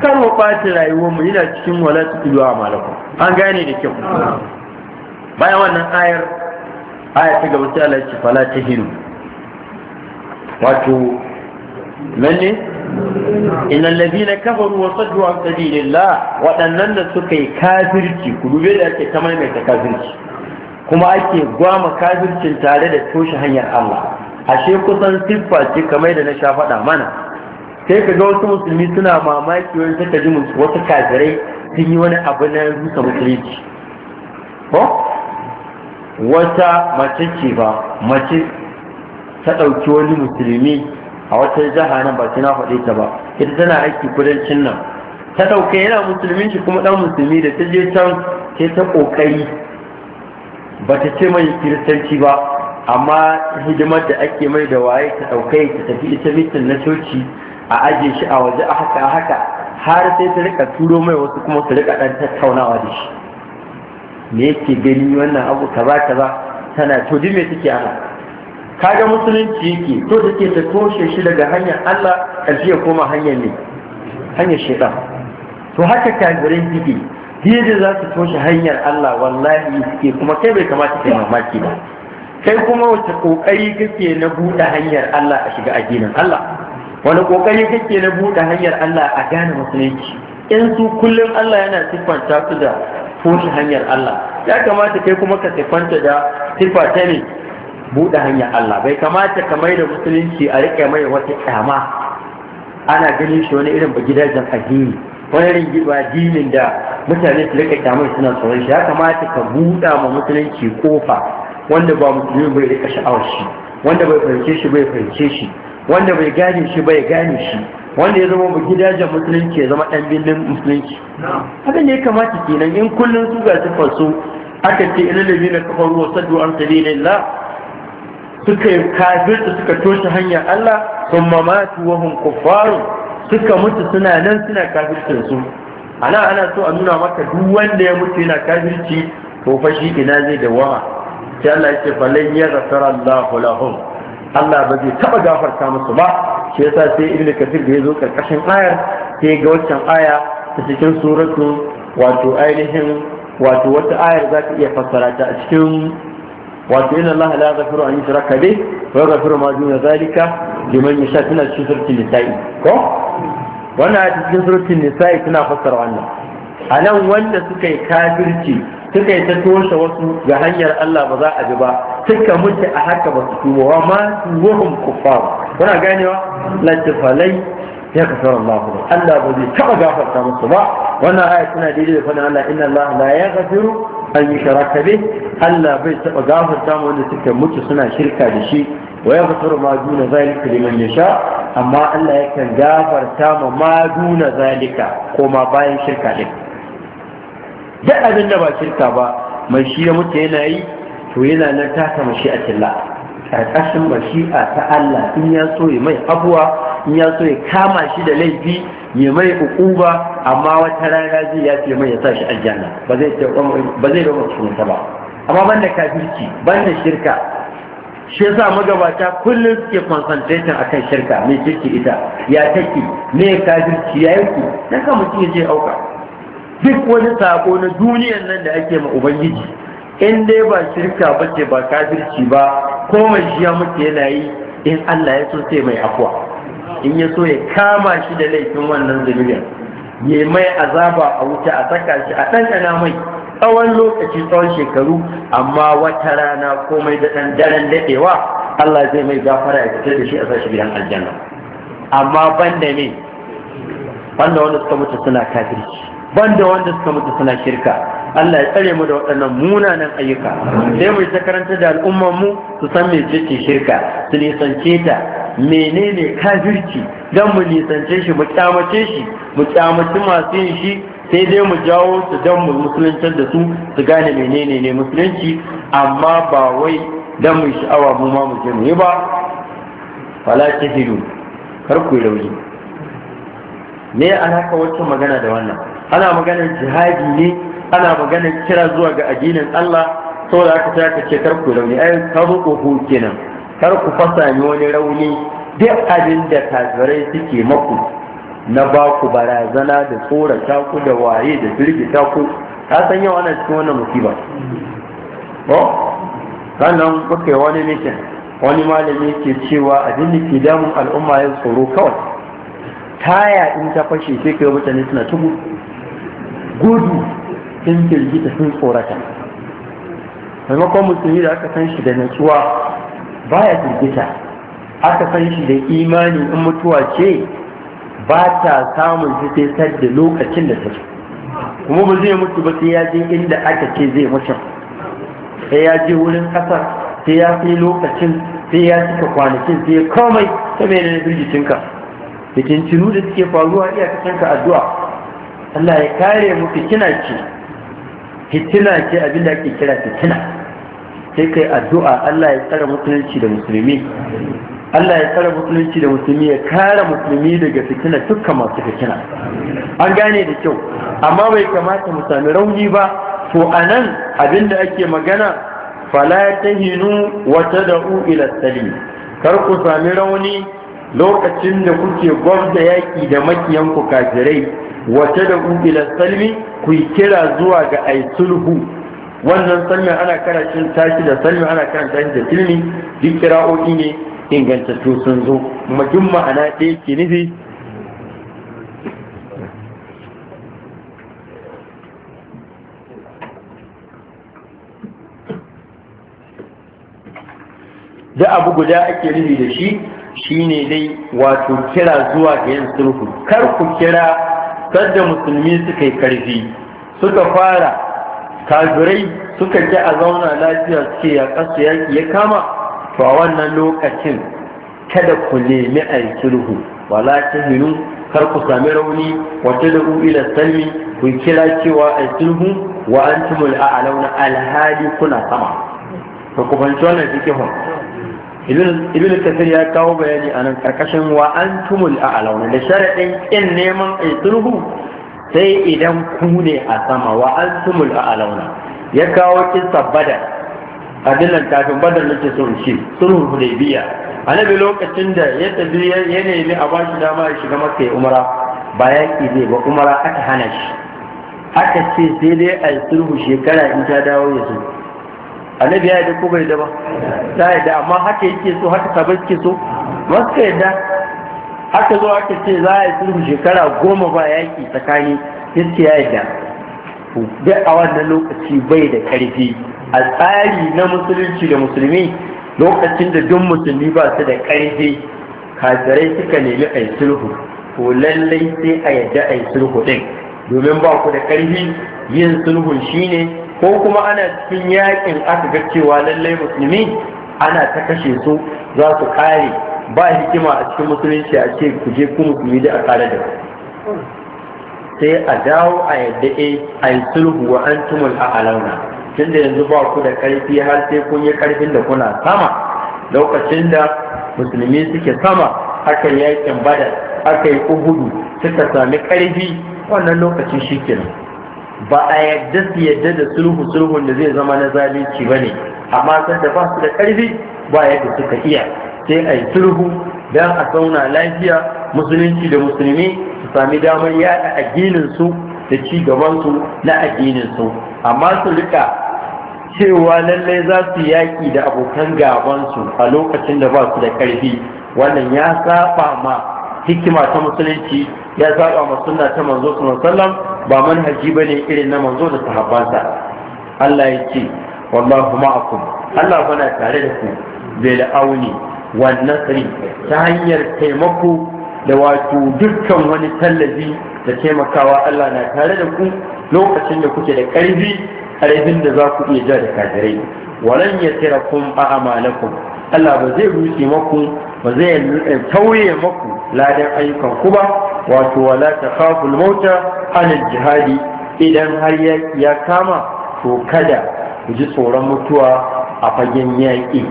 S1: kar mu ɓata rayuwar mu yana cikin wala tudu a malakun an gane da kyau bayan wannan ayar ayar ta gaba ta Allah ce fala wato menne inna allazina kafaru wa saddu an sabilillah waɗannan da suka yi kafirci ku dube da ake ta maimaita kafirci kuma ake gwama kafircin tare da toshe hanyar Allah ashe kusan siffa ce kamar da na sha faɗa mana sai ka ga wasu musulmi suna mamaki wani suka ji wasu kafirai sun yi wani abu na rusa musulunci ko wata mace ce ba mace ta ɗauki wani musulmi a wata jiha nan ba na faɗe ta ba ita tana aiki kudancin nan ta ɗauka yana musulmin shi kuma ɗan musulmi da ta je can ke ta ƙoƙari ba ta ce mai kiristanci ba amma hidimar da ake mai da waye ta ɗaukai ta tafi ita mitin na coci a ajiye shi a waje a haka a haka har sai su rika turo mai wasu kuma su rika dan tattaunawa da shi me yake gani wannan abu kaza kaza tana to duk me take ana kaga musulunci yake to take ta toshe shi daga hanyar Allah karshe ya koma hanyar ne hanyar shaitan to haka kafirin suke yadda za su toshe hanyar Allah wallahi suke kuma kai bai kamata kai mamaki ba kai kuma wace kokari kake na buɗe hanyar Allah a shiga addinin Allah wani kokari kake na buɗe hanyar Allah a gane musulunci in su kullum Allah yana siffanta su da toshe hanyar Allah ya kamata kai kuma ka siffanta da siffa ta ne buɗe hanyar Allah bai kamata ka mai da musulunci a riƙe mai wata kyama ana ganin shi wani irin gidajen addini wani irin addinin da mutane su riƙe kyamar suna tsoron shi ya kamata ka buɗa ma musulunci kofa wanda ba musulmi bai riƙe sha'awar shi wanda bai fahimce shi bai fahimce shi wanda bai gane shi bai gane shi wanda ya zama ba gidajen musulunci ya zama ɗan birnin musulunci abin da ya kamata kenan in kullum su ga sifar aka ce ililimi na kafar ruwa saddu an sabilillah suka yi kafirta suka toshe hanyar Allah sun mamatu wa hun kuffaru suka mutu suna nan suna kafircin su ana ana so a nuna maka duk wanda ya mutu yana kafirci to fa shi ina zai dawama sai Allah ya ce ya ghafara Allahu lahum Allah ba zai taba gafarta musu ba shi yasa sai ibn kathir da yazo karkashin ayar sai ga waccan aya ta cikin suratu wato ainihin wato wata ayar za ta iya fassara ta a cikin wato inna Allah la yaghfiru an yushraka bih wa yaghfiru ma duna zalika liman yasha tana cikin suratul nisa'i ko wannan a cikin suratul nisa'i tana fassara wannan a nan wanda suka yi kafirci suka yi ta toshe wasu ga hanyar Allah ba za a ji ba suka mutu a haka ba su tuba wa ma tuhum kuffar kuna ganewa latifalai ya kasar Allah ne Allah ba zai taba gafarta musu ba wannan aya tana daidai da fadin Allah inna Allah la yaghfiru an yushraka bi, Allah bai taba gafarta mu wanda suka mutu suna shirka da shi wa yaghfiru ma duna zalika liman yasha amma Allah yakan gafarta ma ma duna zalika ko ma bayan shirka din duk abin da ba shirka ba mai shi ya mutu yana yi to yana nan shi a mashi'atillah ƙarƙashin mashi'a ta Allah in ya so ya mai abuwa in ya so ya kama shi da laifi ya mai ukuba amma wata rana zai ya fi mai ya sa shi aljanna ba zai ba zai rama cikin ba amma banda kafirci banda shirka shi yasa magabata kullum suke concentration akan shirka mai shirki ita ya take me kafirci ya yi ku dan kamar mutum ya je auka duk wani sako na duniyar nan da ake ma ubangiji in dai ba shirka ba ce ba kafirci ba ko mai shi ya mutu yana yi in Allah ya so sai mai afwa in ya so ya kama shi da laifin wannan zunubin ya mai azaba a wuta a saka shi a ɗanɗana mai tsawon lokaci tsawon shekaru amma wata rana komai da ɗan daren daɗewa Allah zai mai gafara ya fitar da shi a sashi gidan aljanna amma banda ne banda wanda suka mutu suna kafirci Ban da wanda suka mutu suna shirka Allah ya tsare mu da waɗannan munanan ayyuka sai mu ta karanta da al'umman mu su san mecece shirka su nisance ta menene kafirci dan mu nisance shi mu kyamace shi mu kyamace masu yin shi sai dai mu jawo su dan mu musulunci da su su gane menene ne musulunci amma ba wai dan mu sha'awa mu ma mu je mu yi ba fala tahidu kar ku rauni me alaka wacce magana da wannan ana maganar jihadi ne ana maganar kira zuwa ga addinin Allah saboda da aka taka ce kar ku rauni ai kar ku kenan kar ku fasa ni wani rauni duk abin da tazarai suke maku na ba ku barazana da tsorata ku da waye da ta ku ka san yau ana cikin wannan musiba ko sannan muka wani mikin wani malami ke cewa abin da ke damun al'umma ya tsoro kawai taya in ta fashe sai kai mutane suna tugu gudu sun firgita sun tsorata maimakon musulmi da aka san shi da ba baya firgita aka san shi da imani in mutuwa ce ba ta samun shi sai da lokacin da ta kuma ba zai mutu ba sai ya je inda aka ce zai mutu sai ya je wurin kasar sai ya sai lokacin sai ya cika kwanakin sai ya komai ta mai na firgicinka da kincinu da suke faruwa iya kasanka addu'a Allah ya kare mu fitina ce fitina ce abin da ake kira fitina sai kai addu'a Allah ya tsara musulunci da musulmi Allah ya tsara musulunci da musulmi ya kare musulmi daga fitina dukkan masu fitina an gane da kyau amma bai kamata mu sami rauni ba to anan abin da ake magana fala tahinu wa tad'u ila salim kar ku sami rauni lokacin da kuke gwamda yaƙi da makiyan makiyanku kafirai wata da ila salmi ku kira zuwa ga ai sulhu wannan salmi ana karashin tashi da salmi ana kan tashi da silmi duk kira'o'i ne ingantattu sun zo kuma ma'ana ɗaya ke nufi da abu guda ake nufi da shi shine dai wato kira zuwa ga yin sulhu kar ku kira sadda musulmi suka yi karfi suka fara kafirai suka ji a zauna lafiya suke ya kasu yaki ya kama to a wannan lokacin kada ku nemi a yi sulhu wala ta hinu kar ku sami rauni wata da ila salmi ku kira cewa a yi sulhu wa an a a'launa alhali kuna sama Ka ku wannan fikihun ibn kasir ya kawo bayani a nan karkashin wa an tumul a alauna da sharaɗin ƙin neman a sulhu sai idan ku ne a sama wa an tumul a alauna ya kawo kisa badar adinan kafin badar nake so shi sulhu hudaybiya annabi lokacin da ya tafi ya nemi a bashi dama ya shiga maka ya umara ba yaƙi zai ba umara aka hana shi aka ce sai dai a sulhu shekara in ta dawo ya zo annabi ya yi ko bai da ba ta yadda amma haka yake so haka bar suke so masu yadda haka zo haka ce za a yi sulhu shekara goma ba yaƙi tsakani yake ya yadda duk a wannan lokaci bai da ƙarfi a tsari na musulunci da musulmi lokacin da duk musulmi ba su da ƙarfi kafirai suka nemi a yi sulhu ko lallai sai a yadda a yi sulhu ɗin domin ba ku da karfi yin sulhun shine ko kuma ana cikin yakin aka ga cewa lallai musulmi ana ta kashe su za su kare ba hikima a cikin musulunci a ce ku je ku musulmi da a kare da sai a dawo a yadda eh, a yi sulhu wa an tumul a alauna tunda yanzu ba ku da ƙarfi har sai kun yi karfin da kuna sama lokacin da musulmi suke sama aka yakin bada aka yi uhudu suka sami karfi wannan lokacin shi kenan ba a yadda su yadda da sulhu sulhun da zai zama na zalunci ba ne amma san da ba su da ƙarfi ba yadda suka iya sai a yi sulhu don a zauna lafiya musulunci da musulmi su sami damar yada addininsu gininsu da ci gabansu na addininsu gininsu, amma su rika cewa lallai za su yaƙi da abokan gabansu a lokacin da ba su da ƙarfi wannan ya saba ma hikima ta musulunci ya saba ma sunna ta manzo sallallahu ba manhaji bane irin na manzo da sahabbansa Allah ya ce wallahu ma'akum Allah bana tare da ku bil auni wan nasri ta hanyar taimako da wato dukkan wani tallafi da taimakawa Allah na tare da ku lokacin da kuke da karfi karfin da za ku iya ja da kafirai walan ya a a'malakum Allah ba zai rushe maku ba zai tauye maku ladan ayyukan ku ba wato wala takhaful mota hannun jihadi idan har ya kama to kada ku ji tsoron mutuwa a fagen yaƙi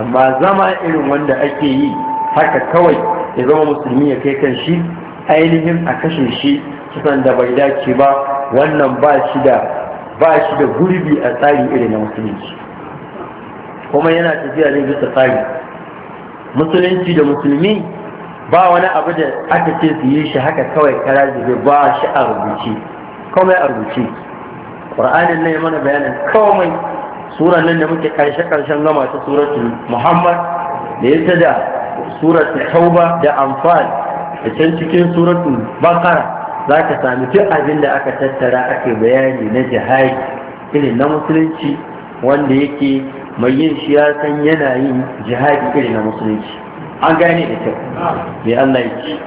S1: amma zama irin wanda ake yi haka kawai ya zama musulmi ya kai kan shi ainihin a kashe shi kisan da bai dace ba wannan ba shi da gurbi a tsari irin na musulunci kuma yana tafiya ne bisa tsari musulunci da musulmi ba wani abu da aka ce su yi shi haka kawai kara zube ba shi a rubuce komai a rubuce ƙur'anin nan ya mana bayanin komai suran nan da muke karshe karshen gama ta suratul muhammad da ya da suratul tauba da amfani da can cikin suratul bakara za ka sami duk abin da aka tattara aka bayani na jihadi irin na musulunci wanda yake mai yin shi ya san yana yin jihadi irin na musulunci an gane da kyau mai Allah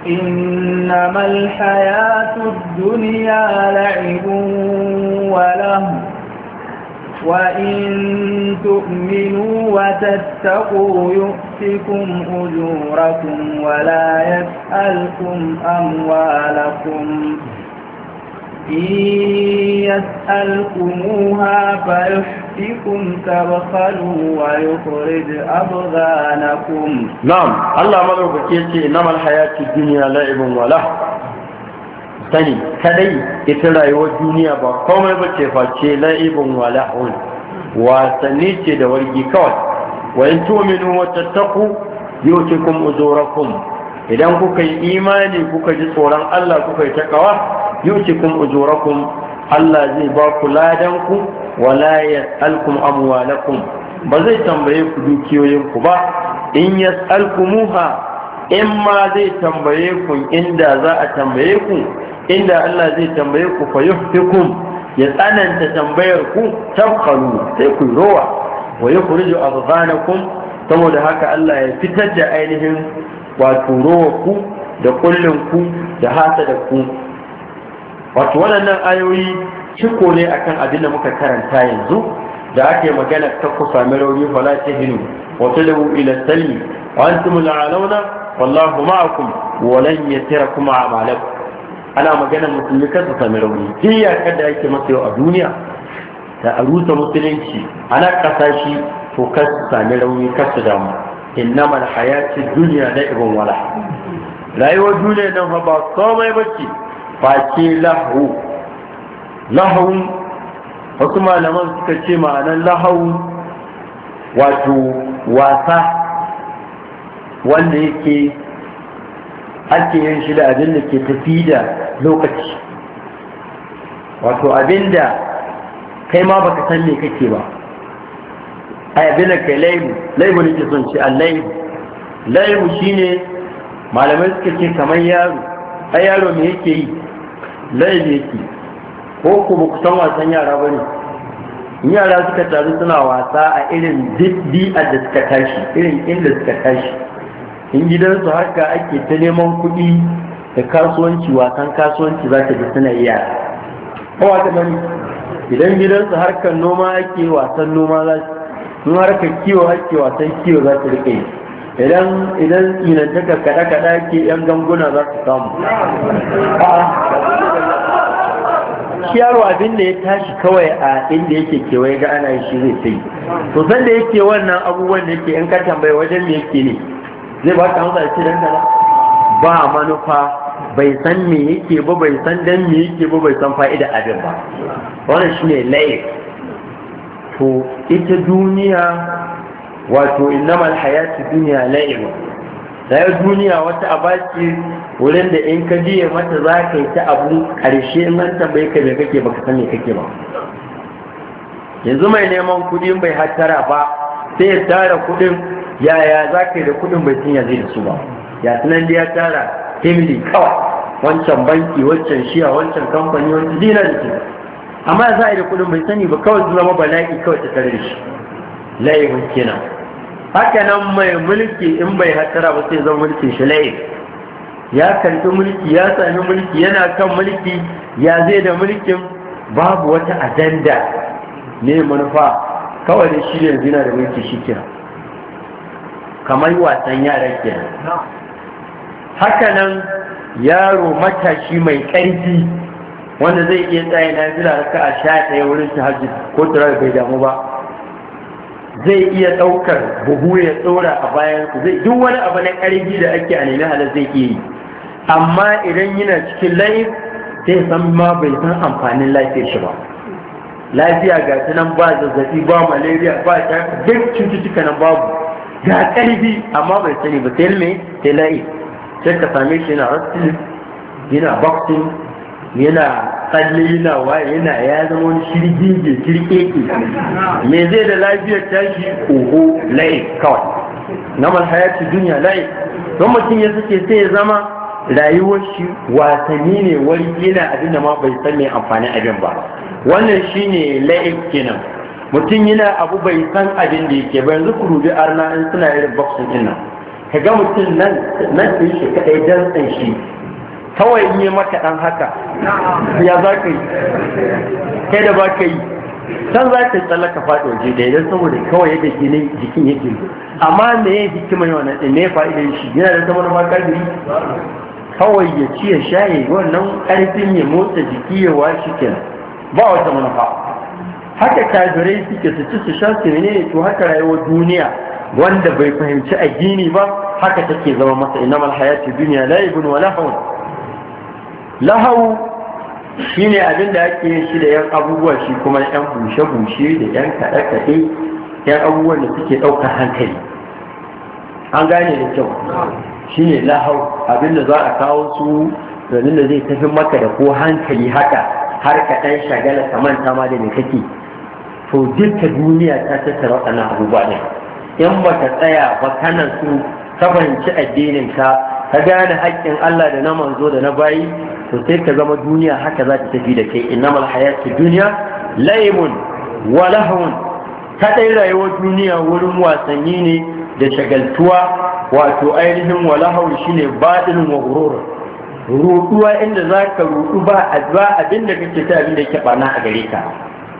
S2: إنما الحياة الدنيا لعب وله وإن تؤمنوا وتتقوا يؤتكم أجوركم ولا يسألكم أموالكم إن يسألكموها فيحفظكم ربكم تبخلوا ويخرج أبغانكم نعم
S1: الله ملوك كيسي ita rayuwar duniya ba komai ba ce face ce da wargi kawai wa in idan kuka yi imani kuka ji tsoron Allah kuka yi takawa yutikum uzurakum Allah zai ba ku ladanku wala yas'alkum amwalakum ba zai tambaye ku dukiyoyin ku ba in yas'alkumuha in ma zai tambaye ku inda za a tambaye ku inda Allah zai tambaye ku fa yuhtikum ya tsananta tambayar ku tabkalu sai ku rowa wa yukhriju adghanakum saboda haka Allah ya fitar da ainihin wato rowa ku da kullun ku da hasa da ku wato waɗannan ayoyi ciko ne akan abin da muka karanta yanzu da ake magana ta ku sami rauni fala ta hinu wata da ila salmi wa antum la'alauna wallahu ma'akum wa lan yatirakum a'malakum ana magana musulmi kan su sami rauni diya kada yake masa yau a duniya da a rusa musulunci ana kasashi to kar su sami rauni kar su damu innama alhayatu duniya na ibn wala rayuwar duniya nan fa ba komai bace face lahu lahun wasu malaman suka ce ma'anar lahau wato wasa wanda yake ake yin shi da abin da ke tafi da lokaci wato abin da kai ma baka san me kake ba a abin na kai laibu laibu ne ke son ce an laibu laibu ne malamai suka ce kamar yaro a yaro me yake yi laifi yake ko ku ba ku san wasan yara ba ne in yara suka taru suna wasa a irin bi'ar da suka tashi irin inda suka tashi in gidansu haka ake ta neman kuɗi da kasuwanci wasan kasuwanci za ta ji suna yi yara kowa ta mani idan gidansu harkar noma ake wasan noma za su harkar kiwo ake wasan kiwo za su rike yi idan idan inantaka kada-kada ke yan ganguna za su samu ciyarwa abin da ya tashi kawai a inda yake kewaye ga ana shi zai sai to san da yake wannan abubuwan da yake in ka tambaye wajen me yake ne zai ba ka hamsa ce dan ba manufa bai san me yake ba bai san dan me yake ba bai san fa'ida abin ba wannan shine laif to ita duniya wato innamal hayati dunya la'iba sai duniya wata abaci wurin da in ka biye mata za ka yi ta abu karshe in an tambaye ka me kake baka san me kake ba yanzu mai neman kuɗi bai hattara ba sai ya tara kuɗin yaya za ka yi da kuɗin bai sun zai da su ba ya sunan da ya tara family kawai wancan banki wancan shiya wancan kamfani wancan dinar da ke amma za a yi da kuɗin bai sani ba kawai zama bala'i kawai ta tare da shi kenan haka nan mai mulki in bai hatara ba sai zan mulki shi laye ya karbi mulki ya sami mulki yana kan mulki ya zai da mulkin babu wata ajanda ne manufa kawai da shi ne zina da mulki shi kira kamar wasan yara kenan haka nan yaro matashi mai karfi wanda zai iya tsaye na zira raka a sha ɗaya wurin shi hajji ko tura bai damu ba zai iya ɗaukar buhu ya tsora a bayan zai duk wani abu na ƙarfi da ake a nemi halar zai iya yi amma idan yana cikin layi sai san ma bai san amfanin lafiyar shi ba lafiya ga ta nan ba zazzafi ba malaria ba ta duk cututtuka nan babu ga ƙarfi amma bai sani ba sai mai sai layi sai ka same shi yana wrestling yana boxing yana tsalle yana waye yana ya zama wani shirgi ke kirke ke me zai da lafiyar tashi oho lai kawai na malhayaci duniya lai don mutum ya suke sai ya zama rayuwar shi wasanni ne wani yana abin da ma bai san mai amfani abin ba wannan shi ne laif kenan mutum yana abu bai san abin da yake ba yanzu ku rubi arna in suna irin boxing din nan ka ga mutum nan nan ɗin shi kaɗai dantsan shi kawai in yi maka ɗan haka ya za ka yi kai da ba ka yi Can za ka yi tsallaka faɗi waje da idan saboda kawai yadda ginin jikin yake amma me ya jiki mai wannan ɗin ne fa'idan shi yana da zama na yi? kawai ya ci ya sha ya yi wannan ƙarfin ya motsa jiki ya washe kenan ba wata manufa haka kafirai suke su ci su sha su ne to haka rayuwar duniya wanda bai fahimci addini ba haka take zama masa inna hayati duniya dunya la ibn wala lahau shi abin da ake shi da yan abubuwa shi kuma yan bushe-bushe da yan kaɗe-kaɗe yan abubuwan da suke ɗaukar hankali an gane da kyau Shi ne lahau abin da za a kawo su domin da zai tafi maka da ko hankali haka har ka ɗan shagala ka manta ma da me kake to duka duniya ta tattara waɗannan abubuwa ne. in ba ka tsaya ba kana su ka fahimci addinin ka ka gane haƙƙin Allah da na manzo da na bayi to sai ka zama duniya haka za ta tafi da kai innamal hayatu duniya laimun wa lahun rayuwar duniya wurin wasanni ne da shagaltuwa wato ainihin wa lahun shine baɗin wa gurur ruɗuwa inda za ka ruɗu ba abin da kake ta abin da yake bana a gare ka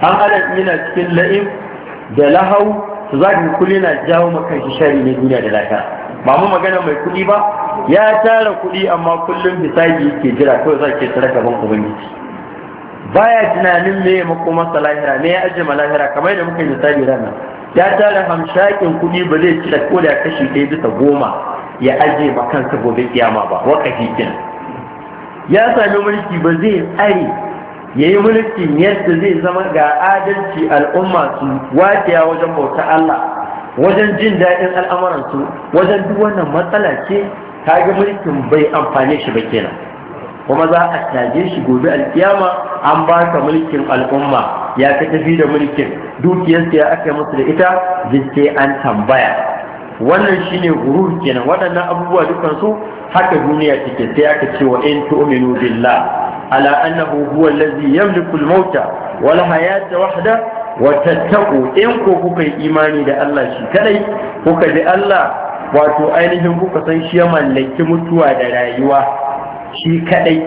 S1: an adam yana cikin la'im da lahau za ka kuli na jawo maka shi shari na duniya da lafiya ba mu magana mai kuɗi ba ya tara kuɗi amma kullum bisagi ke jira kawai za ke tsara gaban ubangiji baya tunanin me ya masa lahira me ya ajiye lahira kamar da muka yi misali rana ya tara hamshakin kuɗi ba zai cire ko da kashi ɗaya bisa goma ya ajiye ma kansa gobe kiyama ba wakafi kenan ya sami mulki ba zai tsare ya yi mulki yadda zai zama ga adalci al'umma su wajiya wajen bauta Allah wajen jin daɗin al'amuransu wajen duk wannan matsala ce ga mulkin bai amfane shi ba kenan kuma za a tage shi gobe alkiyama an ba ka mulkin al'umma ya ka tafi da mulkin dukiyarsa ya aka musu da ita sai an tambaya wannan shine gurur kenan waɗannan abubuwa dukansu. su haka duniya take sai aka ce wa in tu'minu billah ala annahu huwa allazi yamliku al-mauta wal hayata wahda wa tattaqu in ko kuka yi imani da Allah shi kadai kuka bi Allah wato ainihin kuka san shi ya mallaki mutuwa da rayuwa shi kadai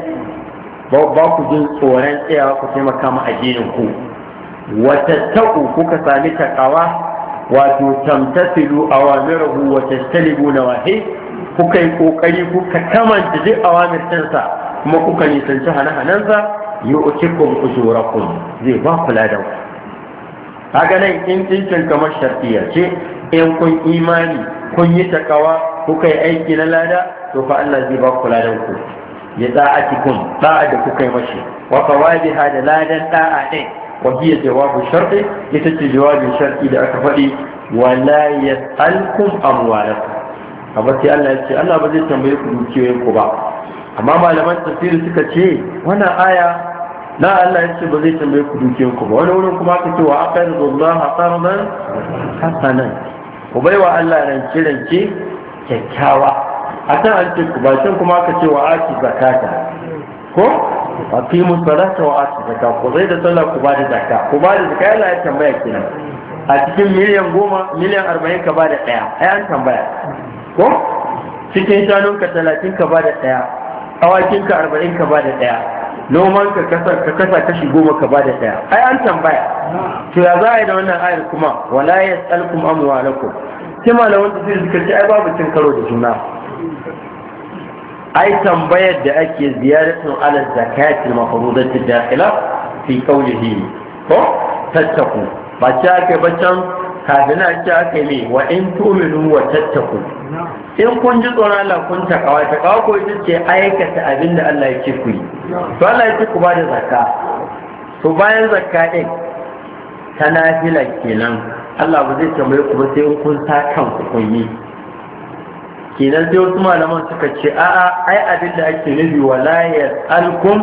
S1: ba ku jin tsoron tsayawa ku taimaka ma ku wata ta'u kuka sami takawa wato tamtasilu awamirahu wa tastalibu nawahi kuka yi kokari kuka kamanta duk awamirtansa kuma kuka nisanci hana hanensa yu'tikum ujurakum zai ba kula da ku kaga nan in ɗinkin kamar shartiya ce in kun imani kun yi takawa kuka yi aiki na lada to fa Allah zai ba ku ladan ku ya kun da'a da kuka yi mashi wa fawabiha da ladan da'a din wa hiya jawabu sharti ita ce jawabin sharti da aka faɗi wa la yas'alkum amwalakum amma sai Allah ya ce Allah ba zai tambaye ku dukiyoyin ku ba amma malaman tafsiri suka ce wannan aya na Allah ya ce ba zai tambaye ku duke ku ba wani wurin kuma ka ce wa aka yi zuwa Allah qardan hasanan ku bai wa Allah na kiran kyakkyawa kyakkyawa can an ce ku ba can kuma ka ce wa aki zakata ko fi musara ta wa aki zakata ku zai da sallah ku ba da zakka ku ba da zakka Allah ya tambaya kenan a cikin miliyan goma miliyan arba'in ka ba da ɗaya ai an tambaya ko cikin shanunka talatin ka ba da ɗaya awakinka arba'in ka ba da ɗaya noman ka kasa kasa kashi goma ka bada daya ai an tambaya to ya za a yi da wannan ayar kuma wala yasalkum amwalakum sai malaman tafsir suka ce ai babu cin karo da juna ai tambayar da ake ziyaratun ala zakatil mafrudati dakhila fi qawlihi ko tattaku ba ce ake baccan kafin a ce ake ne wa in tuminu wa tattaku in kun ji tsoron Allah kun takawa takawa ko ita ce aikata abin da Allah ya ce ku yi to Allah ya ku ba da zakka to bayan zakka din ta nafila kenan Allah ba zai tambaye ku ba sai kun sa kan ku yi kenan sai wasu malaman suka ce a'a ai abin da ake nufi wala yas'alkum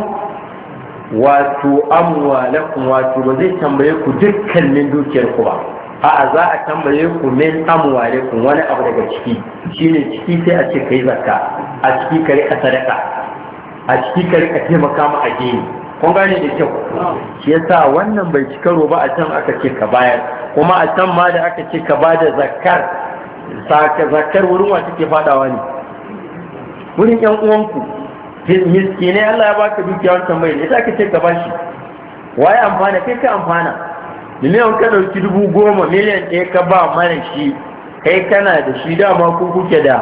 S1: wato amwalakum wato ba zai tambaye ku dukkanin dukiyar ku ba a'a za a tambaye ku min amwalakum wani abu daga ciki shine ciki sai a ce kai zakka a ciki kare a sadaka a ciki ka rika taimaka mu addini kun gane da kyau shi yasa wannan bai ci karo ba a can aka ce ka bayar kuma a can ma da aka ce ka bada zakar zakar wurin wa take fadawa ne wurin yan uwanku miskinai Allah ya baka dukiya wancan mai ne aka ce ka bashi waye amfana kai ka amfana miliyan ka dauki dubu goma miliyan ɗaya ka ba mana shi kai kana da shi dama ku kuke da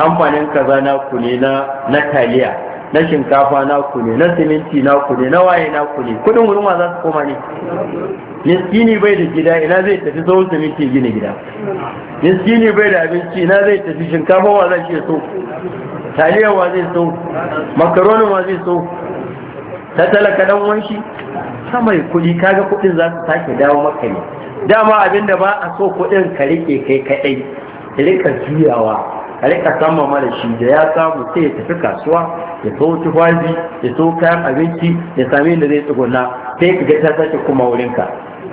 S1: kamfanin kaza na ku ne na taliya na shinkafa na ku ne na siminti na ku ne na waye na ku ne kudin wurin ma za su koma ne miskini bai da gida ina zai tafi tsohon siminti gina gida miskini bai da abinci ina zai tafi shinkafa wa zai ce so taliya wa zai so makaronin wa zai so ta talaka dan wanshi sama kudi kaga kudin za su sake dawo maka ne dama abinda ba a so kudin ka rike kai kadai rika juyawa a rika samun mara shi da ya samu sai ya tafi kasuwa ya so tufafi ya so kayan abinci ya sami da zai tsuguna sai ka ga ta sake kuma wurinka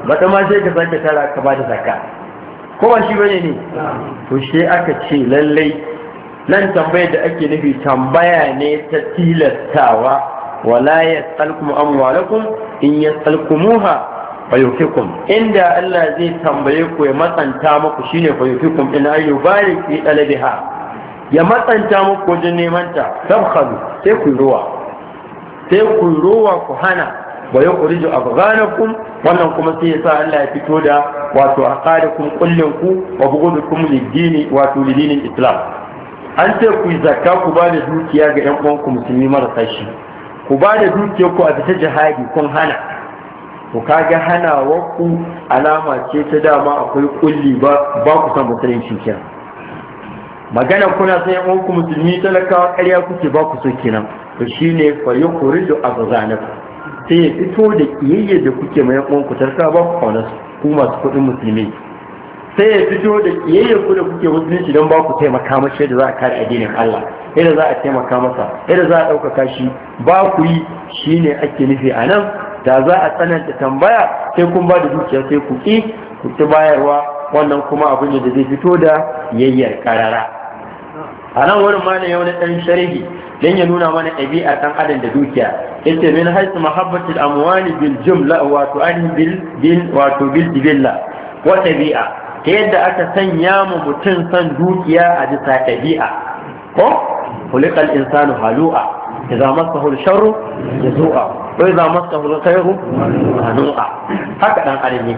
S1: bata ma sai ka sake tara ka ba da zakka ko ba shi bane ne to shi aka ce lallai nan tambaya da ake nufi tambaya ne ta tilastawa wala yasalkum amwalakum in yasalkumuha fayufikum inda Allah zai tambaye ku ya matsanta muku shine fayufikum in ayu fi talabiha ya matsanta muku wajen neman ta sai ku ruwa sai ku ruwa ku hana wa yukhriju afghanakum wannan kuma sai yasa Allah ya fito da wato aqadakum kullin ku wa bugudukum lidini wato lidinin islam an ce ku zakka ku ba da dukiya ga yan uwanku musulmi marasa shi ku ba da dukiya ku a fita jihadi kun hana ku kaga hanawa ku alama ce ta dama akwai kulli ba ku san musulunci kenan magana kuna sai yan uku musulmi talakawa ƙarya kuke ba ku so kenan to shine fa yukhriju abzanakum sai ya fito da kiyayya da kuke mai yan uku talakawa ba ku kauna ku masu kuɗin musulmi sai ya fito da kiyayya ku da kuke musulunci don ba ku taimaka mashi yadda za a kare addinin Allah yadda za a taimaka masa yadda za a ɗaukaka shi ba ku yi shine ake nufi a nan da za a tsananta tambaya sai kun ba da dukiya sai ku ki ku ci bayarwa wannan kuma abin da zai fito da yayyar karara a nan wurin ma ne ya wani ɗan sharhi don ya nuna mana ɗabi'a ɗan adam da dukiya yace min haisu mahabbatul amwali bil jumla wato an bil bil wato bil jibilla wa ɗabi'a ta yadda aka sanya mu mutum san dukiya a bisa ɗabi'a ko kulikal insanu halu'a إذا مسه الشر يسوء وإذا مسه الخير منوء هكذا قال لي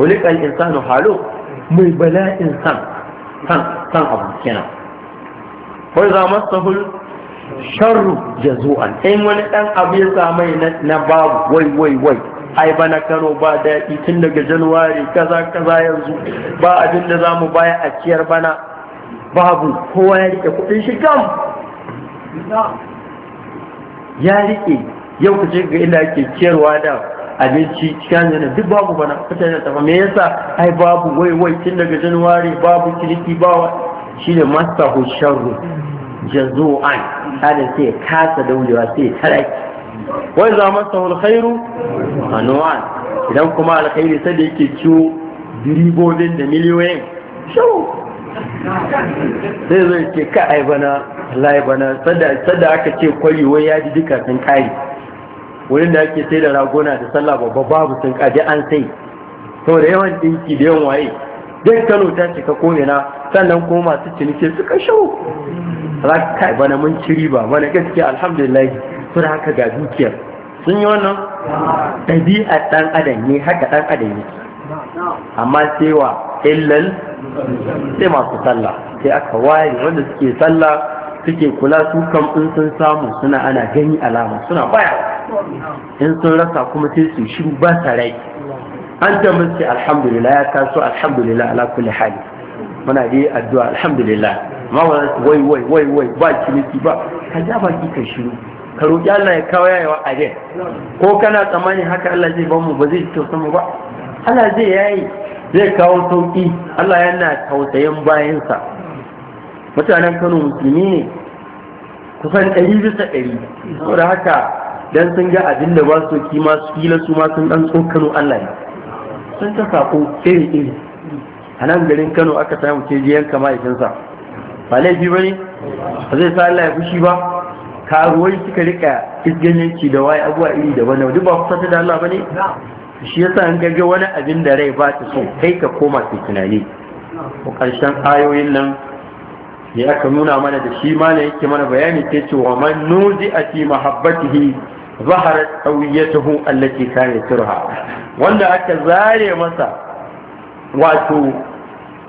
S1: ولك الإنسان حاله mai bala'in san san san abu kenan wai za hul sharru jazu'an in wani ɗan abu ya samai na babu wai wai wai ai ba na kano ba daɗi tun daga januwari kaza kaza yanzu ba abin da za mu baya a ciyar bana babu kowa ya rike kuɗin shi gam ya rike yau ku ga ina ke ciyarwa da abinci cikin yana duk babu bana mutane da tafa me yasa ai babu wai wai tun daga januwari babu ciniki bawa shi ne masahu sharru An. sanin sai kasa daurewa sai taraki wai za masahu alkhairu anuwan idan kuma Alkhairu sai da yake ciwo diribobin da miliyoyin
S3: shawo sai
S1: zai ce ka aibana laibana bana sadda aka ce kwari wani ya ji duka sun kari wurin da ake sai da ragona da sallah babba babu sun kaji an sai sau da yawan dinki da yawan waye don kano ta cika ko na. sannan kuma masu ciniki suka shawo kai bana mun ciri ba mana gaske alhamdulillah da haka ga dukiyar sun yi wannan ɗabi'a ɗan adam ne haka ɗan adam ne amma sai wa illal sai masu sallah sai aka waye wanda suke sallah suke kula su kan in sun samu suna ana gani alama suna baya in sun rasa kuma sai su shiru ba sa rai an tambaye alhamdulillah ya taso alhamdulillah ala kulli hali muna yi addu'a alhamdulillah amma wai wai wai wai ba ciniki ba ka ja baki ka shiru ka roƙi Allah ya kawo yi wa ajiyar ko kana tsammani haka Allah zai ba mu ba zai tausa sama ba Allah zai yayi zai kawo sauƙi Allah yana tausayin bayansa mutanen Kano musulmi ne kusan ɗari bisa ɗari saboda haka dan sun ga abin da ba su kima su kila su ma sun tsokano Allah ne sun ta saƙo iri iri a nan garin kano aka samu ke ji yanka mahaifinsa ba laifi ba ne ba zai sa Allah ya fushi ba karuwai suka rika isganyanci da waye abuwa iri da wani duk ba kusa da Allah ba ne shi yasa an gaggawa wani abin da rai ba ta so kai ka koma ke tunani ko karshen ayoyin nan ne aka nuna mana da shi ma yake mana bayani ke cewa wa man nuzi a fi mahabbatihi zaharar tsawiyyatuhu allaki kare turha. wanda aka zare masa wato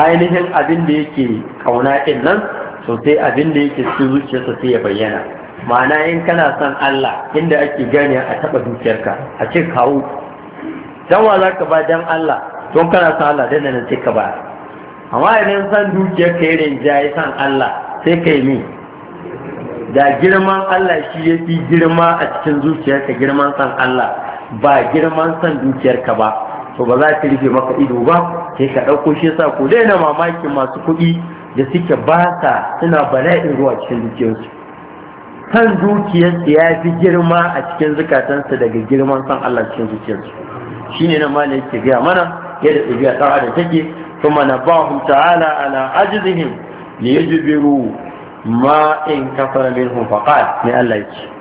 S1: ainihin abin da yake kauna ɗin nan sosai abin da yake cikin zuciyarsa sai ya bayyana ma'ana in kana son Allah inda ake gane a taɓa dukiyarka a ce kawo dan wa za ka ba dan Allah don kana son Allah dan nan sai ka ba amma idan san dukiyarka ya rinjaye san Allah sai ka yi min da girman Allah shi ya fi girma a cikin zuciyarka girman san Allah ba girman san dukiyarka ba to ba za ka rufe maka ido ba sai ka ɗauko shi yasa ku daina mamakin masu kuɗi da suke ba sa suna bala'in ruwa cikin dukiyarsu san dukiyarsu ya fi girma a cikin zukatansa daga girman san Allah cikin Shi ne nan malami yake gaya mana yadda ɗabi'a ɗan adam take kuma na ba ta'ala ala ajizihim li yajbiru ma in kafara hu faqat ne Allah yake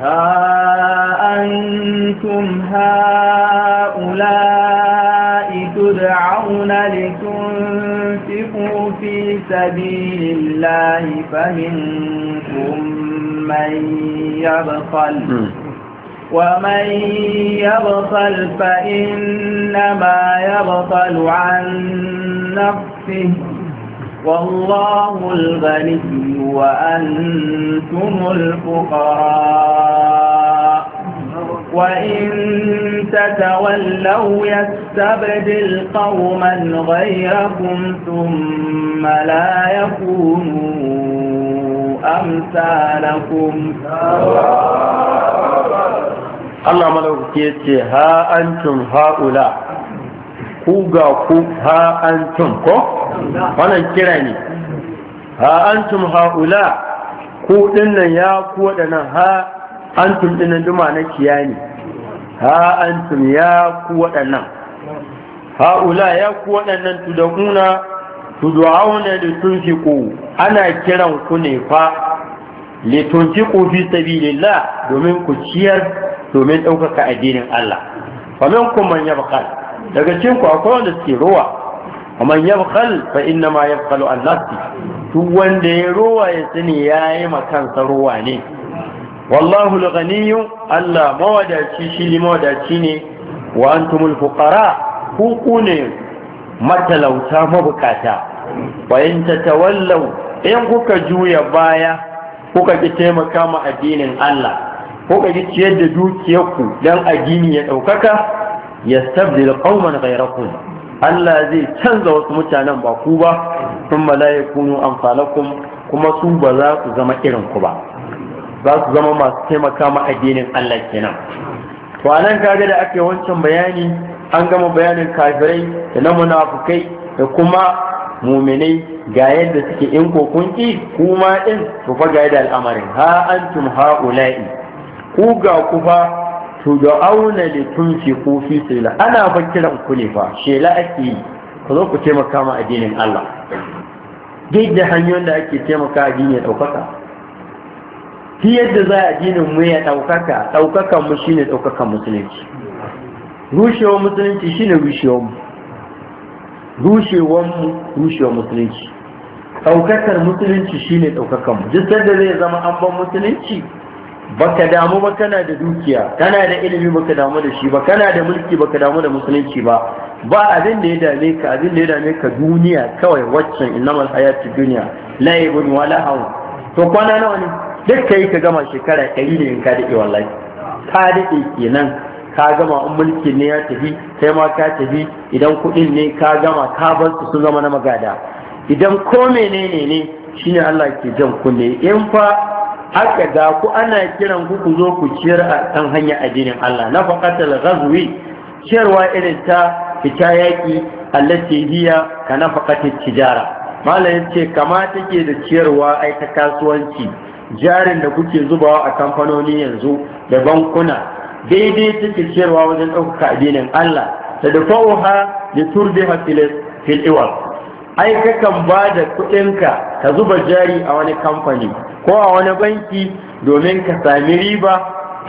S2: ها أنتم هؤلاء تدعون لتنفقوا في سبيل الله فمنكم من يبخل ومن يبخل فإنما يبخل عن نفسه والله الغني وأنتم الفقراء وإن تتولوا يستبدل قوما غيركم ثم لا يكونوا أمثالكم
S1: الله ملوك يتي ها أنتم هؤلاء ku ga ku ha antum ko wannan kira ne ha antum haula ku dinnan ya ku wadannan ha antum dinnan duma na kiya ne ha antum ya ku wadannan haula ya ku da tudakuna tudu'auna litunfiqu ana kiran ku ne fa litunfiqu fi sabilillah domin ku ciyar domin ɗaukaka addinin Allah famin kun man yabqa daga cikin ku akwai wanda suke rowa man yabkhal fa inna ma yabkhalu an nafsi duk wanda ya rowa ya sani yayi makansa rowa ne wallahu al-ghaniyyu Allah mawadaci shi ne mawadaci ne wa antumul fuqara ku ku ne matalauta mabukata wa in tatawallaw in kuka juya baya kuka ki taimaka ma addinin Allah kuka ki ciyar da dukiyarku dan addini ya daukaka yastabdil qauman ghayrakum Allah zai canza wasu mutanen ba ku ba sun la yakunu kuma su ba za su zama irin ku ba za su zama masu taimaka ma addinin Allah kenan to anan kaga da ake wancan bayani an gama bayanin kafirai da na munafukai da kuma muminai ga yadda suke in ko kun ki kuma din to fa ga yadda al'amarin ha antum haula'i ku ga ku fa to da auna da tun ce ko fi sila ana ba kiran ku ne fa shela ake yi ku zo ku taimaka ma addinin Allah duk da hanyoyin da ake taimaka a ya ɗaukaka ki yadda za a addinin mu ya ɗaukaka ɗaukakan mu shine ɗaukakan musulunci rushewar musulunci shine rushewar mu rushewar mu rushewar musulunci ɗaukakar musulunci shine ɗaukakan mu duk da zai zama an ban musulunci baka damu ba kana da dukiya kana da ilimi baka damu da shi ba kana da mulki baka damu da musulunci ba ba abin da ya dame ka abin da ya dame ka duniya kawai waccan innamal hayatu duniya la wala hawa to kwana nawa ne duk kai ka gama shekara 100 ne in ka dade wallahi ka dade kenan ka gama in mulki ne ya tafi kai ma ka tafi idan kuɗin ne ka gama ka bar su sun zama na magada idan ko menene ne shine Allah ke jan kunne in fa haka da ku ana kiran ku ku zo ku ciyar a kan hanya addinin Allah na faqatal ghazwi ciyarwa irin ta fita yaki allati hiya ka nafaqatit tijara malam yace kama take da ciyarwa ai ta kasuwanci jarin da kuke zubawa a kamfanoni yanzu da bankuna daidai take ciyarwa wajen ɗaukaka addinin Allah da da fa'uha da turbiha fil iwad ai kakan ba da kuɗinka ka zuba jari a wani kamfani ko a wani banki domin ka sami riba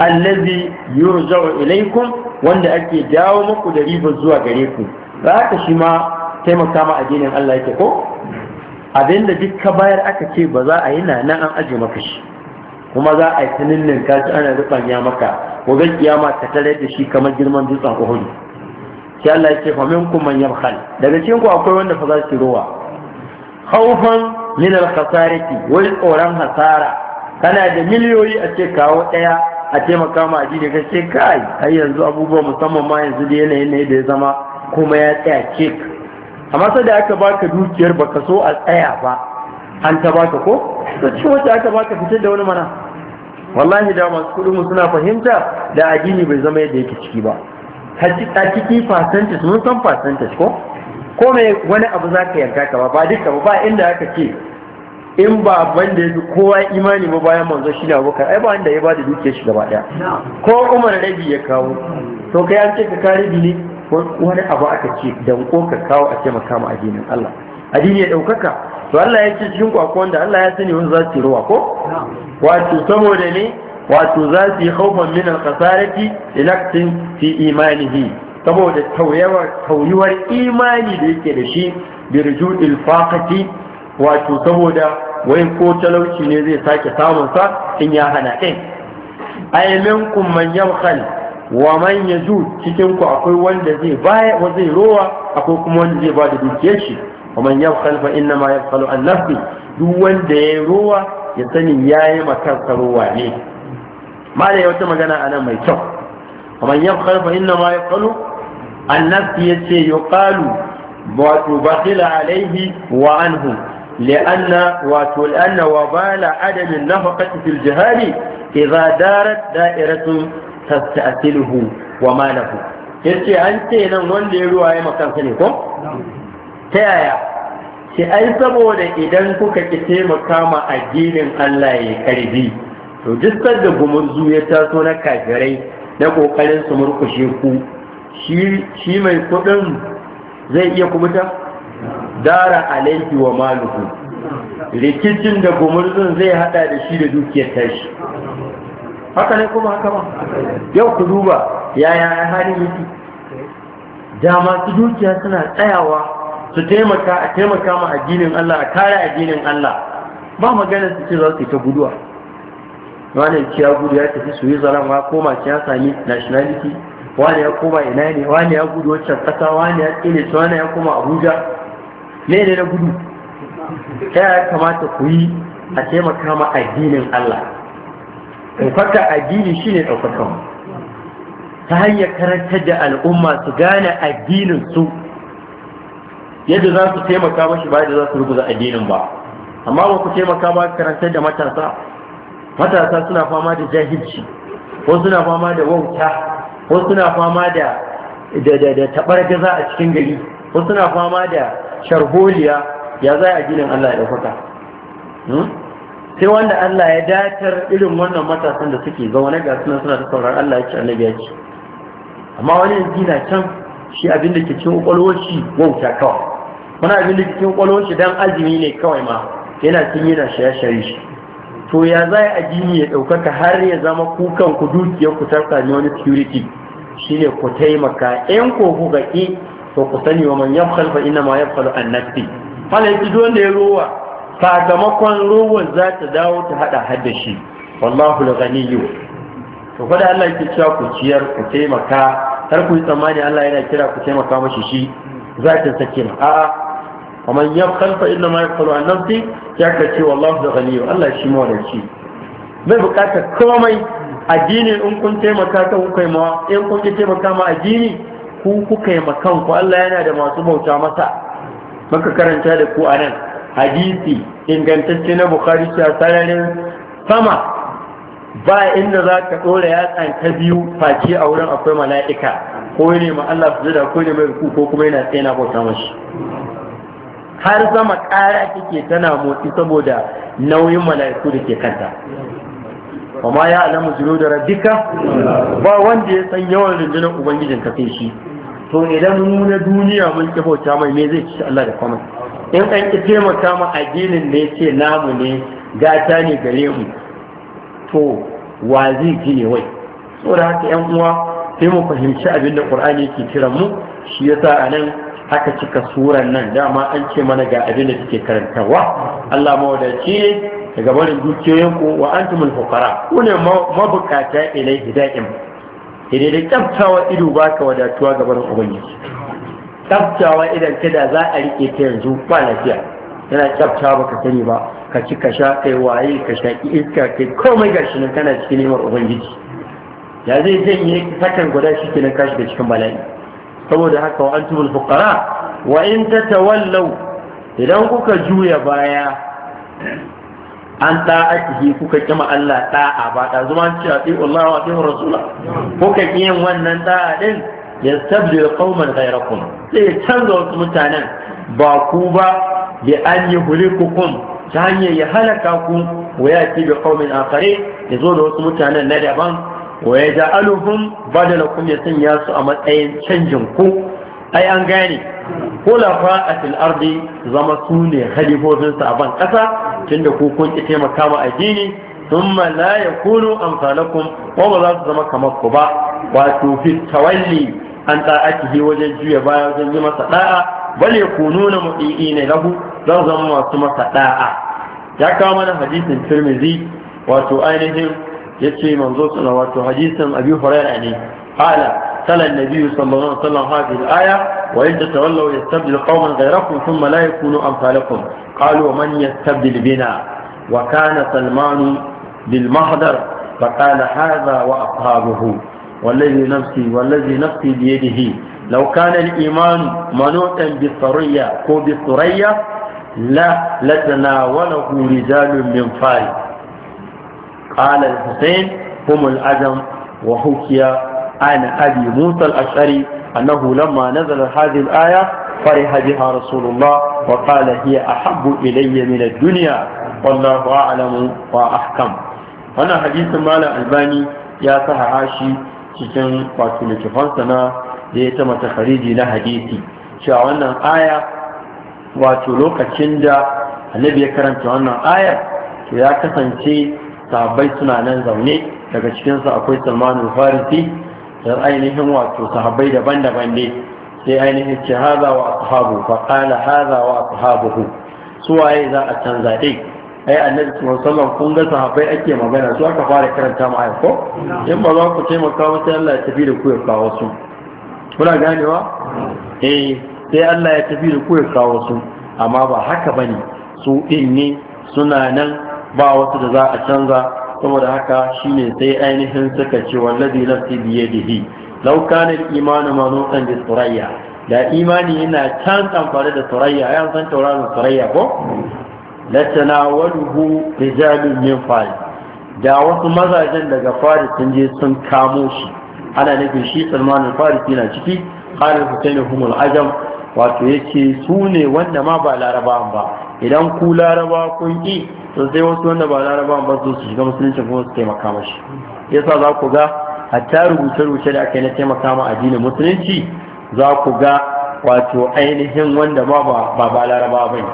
S1: allazi yurja'u ilaikum wanda ake dawo muku da riba zuwa gare ku Za ka shi ma taimaka ma addinin Allah yake ko abinda dukka bayar aka ce ba za a yi nan an aje maka shi kuma za a yi tunin ka shi ana rubanya maka ko gaskiya ma ka tare da shi kamar girman dutsen Uhud sai Allah yake ce fa minkum kuma yabkhal daga cikin ku akwai wanda fa za su rowa khawfan min al-khasarati wal tsoron hasara kana da miliyoyi a ce kawo daya a taimaka ma addini ka ce kai ai yanzu abubuwa musamman ma yanzu da yanayin ne da ya zama kuma ya tsaya ce amma sai da aka baka dukiyar baka so a tsaya ba an ta baka ko to ce wacce aka baka fitar da wani mana wallahi da masu kudin suna fahimta da ajini bai zama yadda yake ciki ba a ciki percentage mun san percentage ko ko me wani abu za ka yanka ka ba ba duka ba inda aka ce in ba wanda ya kowa imani ba bayan manzo shi ne abokan ai ba wanda ya ba da dukiyar shi gaba daya ko umar rabi ya kawo to kai an ce ka kare ne wani abu aka ce dan ko ka kawo a ce makama addinin Allah addini ya daukaka to Allah ya ce cikin kwakwan da Allah ya sani wanda za su ruwa ko wato saboda ne wato za su yi haufan minar alƙasarati ilaktin fi imanihi saboda tauyawar imani da yake da shi bi rujudil wato saboda wai ko talauci ne zai sake samun sa in ya hana ɗin ay minkum man wa man yajud cikin ku akwai wanda zai baya wa zai rowa akwai kuma wanda zai ba da dukiyar shi wa man yabkhal fa inna ma yabkhalu an nafsi duk wanda ya rowa ya sani yayi makarsa rowa ne ma da wata magana a nan mai kyau kamar yau karfa inna ma ya kalu annabi ya ce wa anhu لأن ولأن وبال عدم النفقة في الجهاد إذا دارت دائرة تستأثله وما له yace an ce nan wanda ya ruwa ya makansa ne ko? ta yaya ce ai saboda idan kuka ki taimaka ma addinin Allah ya karbi to jistar da gumurzu ya taso na kafirai na kokarin su murkushe ku shi mai kudin zai iya kubuta dara laifi wa maluku rikicin da gumurzun zai hada da shi da dukiyar tashi haka
S2: ne kuma haka ba
S1: yau ku duba yaya ya hali yake da masu dukiya suna tsayawa su taimaka a taimaka addinin Allah a kare addinin Allah ba magana su ce za su ta guduwa wani ya gudu ya tafi switzerland wa koma ya sami nationality wani ya koma ina ne wani ya gudu wacce kasa wani ya tsere su wani ya koma abuja ne ne na gudu ta ya kamata ku yi a taimaka ma addinin allah ɗaukaka addini ne ɗaukaka ta hanyar karantar da al'umma su gane addinin su yadda za su taimaka mashi ba da za su rubuta addinin ba amma ba ku taimaka ba karantar da matasa matasa suna fama da jahilci ko suna fama da wauta ko suna fama da da tabar gaza a cikin gari ko suna fama da sharholiya ya za a ginin Allah ya ɗaukaka hmm? sai wanda Allah ya datar irin wannan matasan da suke wani ga suna suna ta saurar Allah ya ci annabi ya ci amma wani ya gina can shi abin da ke cin ƙwaƙwalwar shi wauta kawai wani abin da ke cin ƙwaƙwalwar shi don azumi ne kawai ma yana cin yana shaye-shaye shi to ya za a gini ya ɗaukaka har ya zama kukan ku dukiyar ku tarka ne wani security shine ku taimaka in ko ku ga ki to ku sani wa man yabkhal fa inna ma yabkhalu an nafsi fala yaki don da ya rowa sakamakon rowan za ta dawo ta hada har da shi wallahu al-ghaniyyu to fa da Allah yake cewa ku ciyar ku taimaka har ku yi tsammani Allah yana kira ku taimaka mashi shi zatin sa kenan a'a wa man yabkhal fa inna ma yabkhalu an nafsi ya ka ce wallahu da ghaniyu Allah shi mawadaci bai bukatar komai addini in kun taimaka ta kuka ma in kun ki taimaka ma addini ku kuka yi makan Allah yana da masu bauta masa maka karanta da ku a nan hadisi ingantacce na shi a sararin sama ba inda za ka ɗora yatsan ta biyu face a wurin akwai mala'ika ko ne ma Allah su da ko ne mai ko kuma yana tsaye bauta mashi har sama ƙara take tana motsi saboda nauyin mala'iku da ke kanta kuma ya alamu jiro da rabbika ba wanda ya san yawan rundunar ubangijin ka shi to idan mu na duniya mun ki bauta mai me zai ci Allah da kuma in an ki taimaka ma addinin ne ce namu ne gata ne gare mu to wa zai ji ne wai saboda haka yan uwa sai mu fahimci abin da Qur'ani yake kiran mu shi yasa anan haka cika suran nan dama an ce mana ga abin da take karantarwa Allah mawadaci daga barin dukiyoyinku wa antumul fuqara ku ne mabukata ilaihi da'im idan da tsaftawa ido ka wadatuwa ga barin ubangiji tsaftawa idan ka da za a rike ta yanzu ba lafiya yana ba baka sani ba ka ci ka sha kai waye ka sha iska kai komai ga nan kana cikin nemar ubangiji ya zai janye sakan guda shi kenan kashi da cikin bala'i saboda haka wa antumul fuqara wa in tatawallaw idan kuka juya baya an da'atihi kuka kima Allah da'a ba ta zuma ce a ti Allah wa ti rasula kuka kiyin wannan da'a din yastabdil qauman ghayrakum sai canza wasu mutanen ba ku ba bi an yuhlikukum ta hanyar ya halaka ku wa yati bi qaumin ya zo da wasu mutanen na daban wa ya ja da lakum ya sanya su a matsayin canjin ku ai an gane kulafa a ardi zama su ne halifofinsa a ban ƙasa tunda ku kun ki taimaka ma addini thumma la yakunu amsalakum wa ba za su zama kamar ku ba wato fi tawalli an ta'atihi wajen juya baya wajen yi masa da'a bal yakununa ne lahu zan zama masu masa da'a ya kawo mana hadisin Tirmidhi wato ainihin يتشي manzo sallallahu alaihi wasallam hadisin abi hurairah ne qala قال النبي صلى الله عليه وسلم هذه الآية وإن تتولوا يستبدل قوما غيركم ثم لا يكونوا أمثالكم قالوا ومن يستبدل بنا وكان سلمان بالمحضر فقال هذا وأصحابه والذي نفسي والذي نفسي بيده لو كان الإيمان منوطا بالصرية أو بالصرية لا لتناوله رجال من فارس قال الحسين هم الأجم وحكي عن أبي موسى الأشعري أنه لما نزل هذه الآية فرح بها رسول الله وقال هي أحب إلي من الدنيا والله أعلم وأحكم أنا حديث مال الباني يا صحاشي cikin wato littafansa na da ya tama tafariji na hadisi cewa wannan aya wato lokacin da annabi ya karanta wannan ayar to ya kasance sahabbai suna nan zaune daga cikinsu akwai salmanin farisi da ainihin wato sahabbai daban-daban ne sai ainihin ce haza wa ashabu fa qala haza wa ashabuhu su waye za a canza dai ai annabi sallallahu kun ga sahabbai ake magana su aka fara karanta mu ko in ba za ku taimaka ba sai Allah ya tafi da ku ya kawo su kuna ganewa eh sai Allah ya tafi da ku ya kawo su amma ba haka bane su din ne suna nan ba wasu da za a canza saboda haka shine sai ainihin suka ce wallazi nafsi biyadihi law kana al-imanu manuqan bi surayya da imani yana can tsamfare da surayya ya san tauraron surayya ko Waluhu rijalun min fari da wasu mazajen daga faris sun je sun kamo shi ana nufin shi salman faris yana ciki qala husainu humul ajam wato yake su ne wanda ma ba Laraba ba idan ku laraba kun ki to sai wasu wanda ba laraba ba su su shiga musulunci kuma su taimaka mashi yasa za ku ga hatta rubuce-rubuce da aka yi na taimaka ma addinin musulunci za ku ga wato ainihin wanda ma ba ba laraba ba ne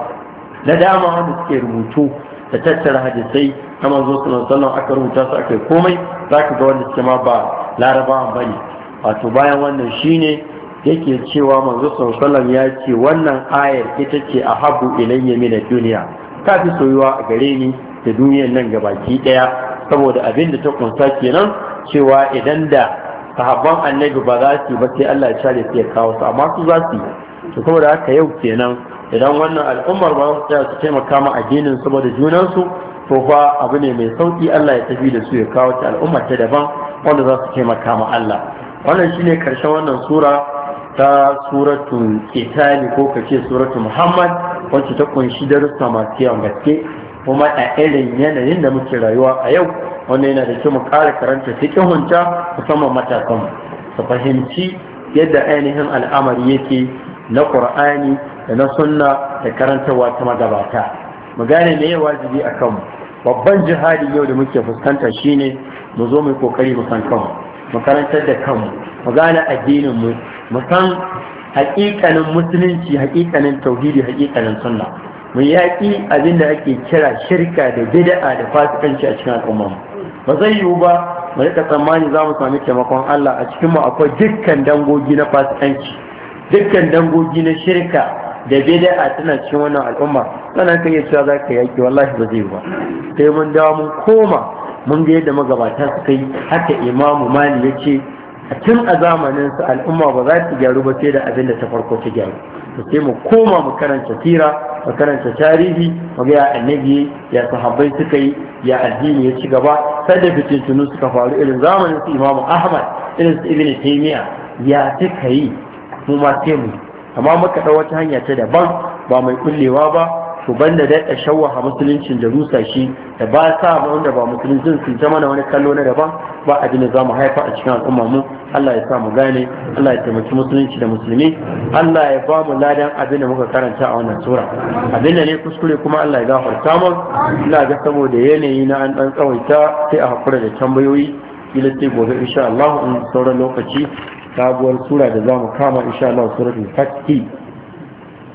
S1: na dama wanda suke rubutu da tattara hadisai na manzo sallallahu aka rubuta su aka komai za ka ga wanda suke ma ba laraba ba ne wato bayan wannan shine yake cewa manzo sallallahu ya ce wannan ayar ita ce a habu ilayya min duniya ta fi soyuwa a gare ni da duniyar nan gabaki daya saboda abin da ta kunsa kenan cewa idan da sahabban annabi ba za su ba sai Allah ya share su ya kawo su amma su za su to saboda haka yau kenan idan wannan al'ummar ba za su taimaka ma addinin saboda junansu to fa abu ne mai sauki Allah ya tafi da su ya kawo ta al'umma ta daban wanda za su taimaka ma Allah wannan shine karshen wannan sura ta suratu itali ko kace suratu muhammad wacce ta kunshi darussa masu yawan gaske kuma a irin yanayin da muke rayuwa a yau wanda yana da kyau mu ƙara karanta cikin hunta musamman matasan su fahimci yadda ainihin al'amari yake na qur'ani da na sunna da karantarwa ta magabata mu gane me ya wajibi a kanmu babban jihadi yau da muke fuskanta shine mu zo mu kokari mu san kanmu mu karantar da kanmu mu gane addinin mu mu san haƙiƙanin musulunci haƙiƙanin tauhidi haƙiƙanin sunna mu yaƙi abin da ake kira shirka da bid'a da fasikanci a cikin al'umma ba zai yiwu ba mu rika tsammani za mu sami taimakon Allah a cikin mu akwai dukkan dangogi na fasikanci dukkan dangogi na shirka da bid'a tana cikin wannan al'umma sannan kan iya cewa za ka yaƙi wallahi ba zai yiwu ba sai mun dawo mun koma mun ga yadda magabata suka yi haka imamu mali ya ce tun a zamanin su al'umma ba za ta gyaru ba sai da abin da ta farko ta gyaru to sai mu koma mu karanta tira mu karanta tarihi mu ga ya annabi ya sahabbai suka yi ya addini ya ci gaba sai da tunu suka faru irin zamanin su imamu ahmad irin su ibn taymiya ya suka yi mu ma sai mu amma muka ɗau wata hanya ta daban ba mai kullewa ba to banda daɗa shawaha musuluncin da rusa shi da ba sa ba wanda ba musuluncin su zama da wani kallo na daban ba abin da za mu haifa a cikin al'umma mu Allah ya sa mu gane Allah ya taimaki musulunci da musulmi Allah ya ba mu ladan abin da muka karanta a wannan sura abin da ne kuskure kuma Allah ya gafarta mu ina ga saboda yanayi na an dan tsawaita sai a hakura da tambayoyi kila sai gobe insha Allah in sauran lokaci sabuwar sura da za mu kama insha Allah suratul fatih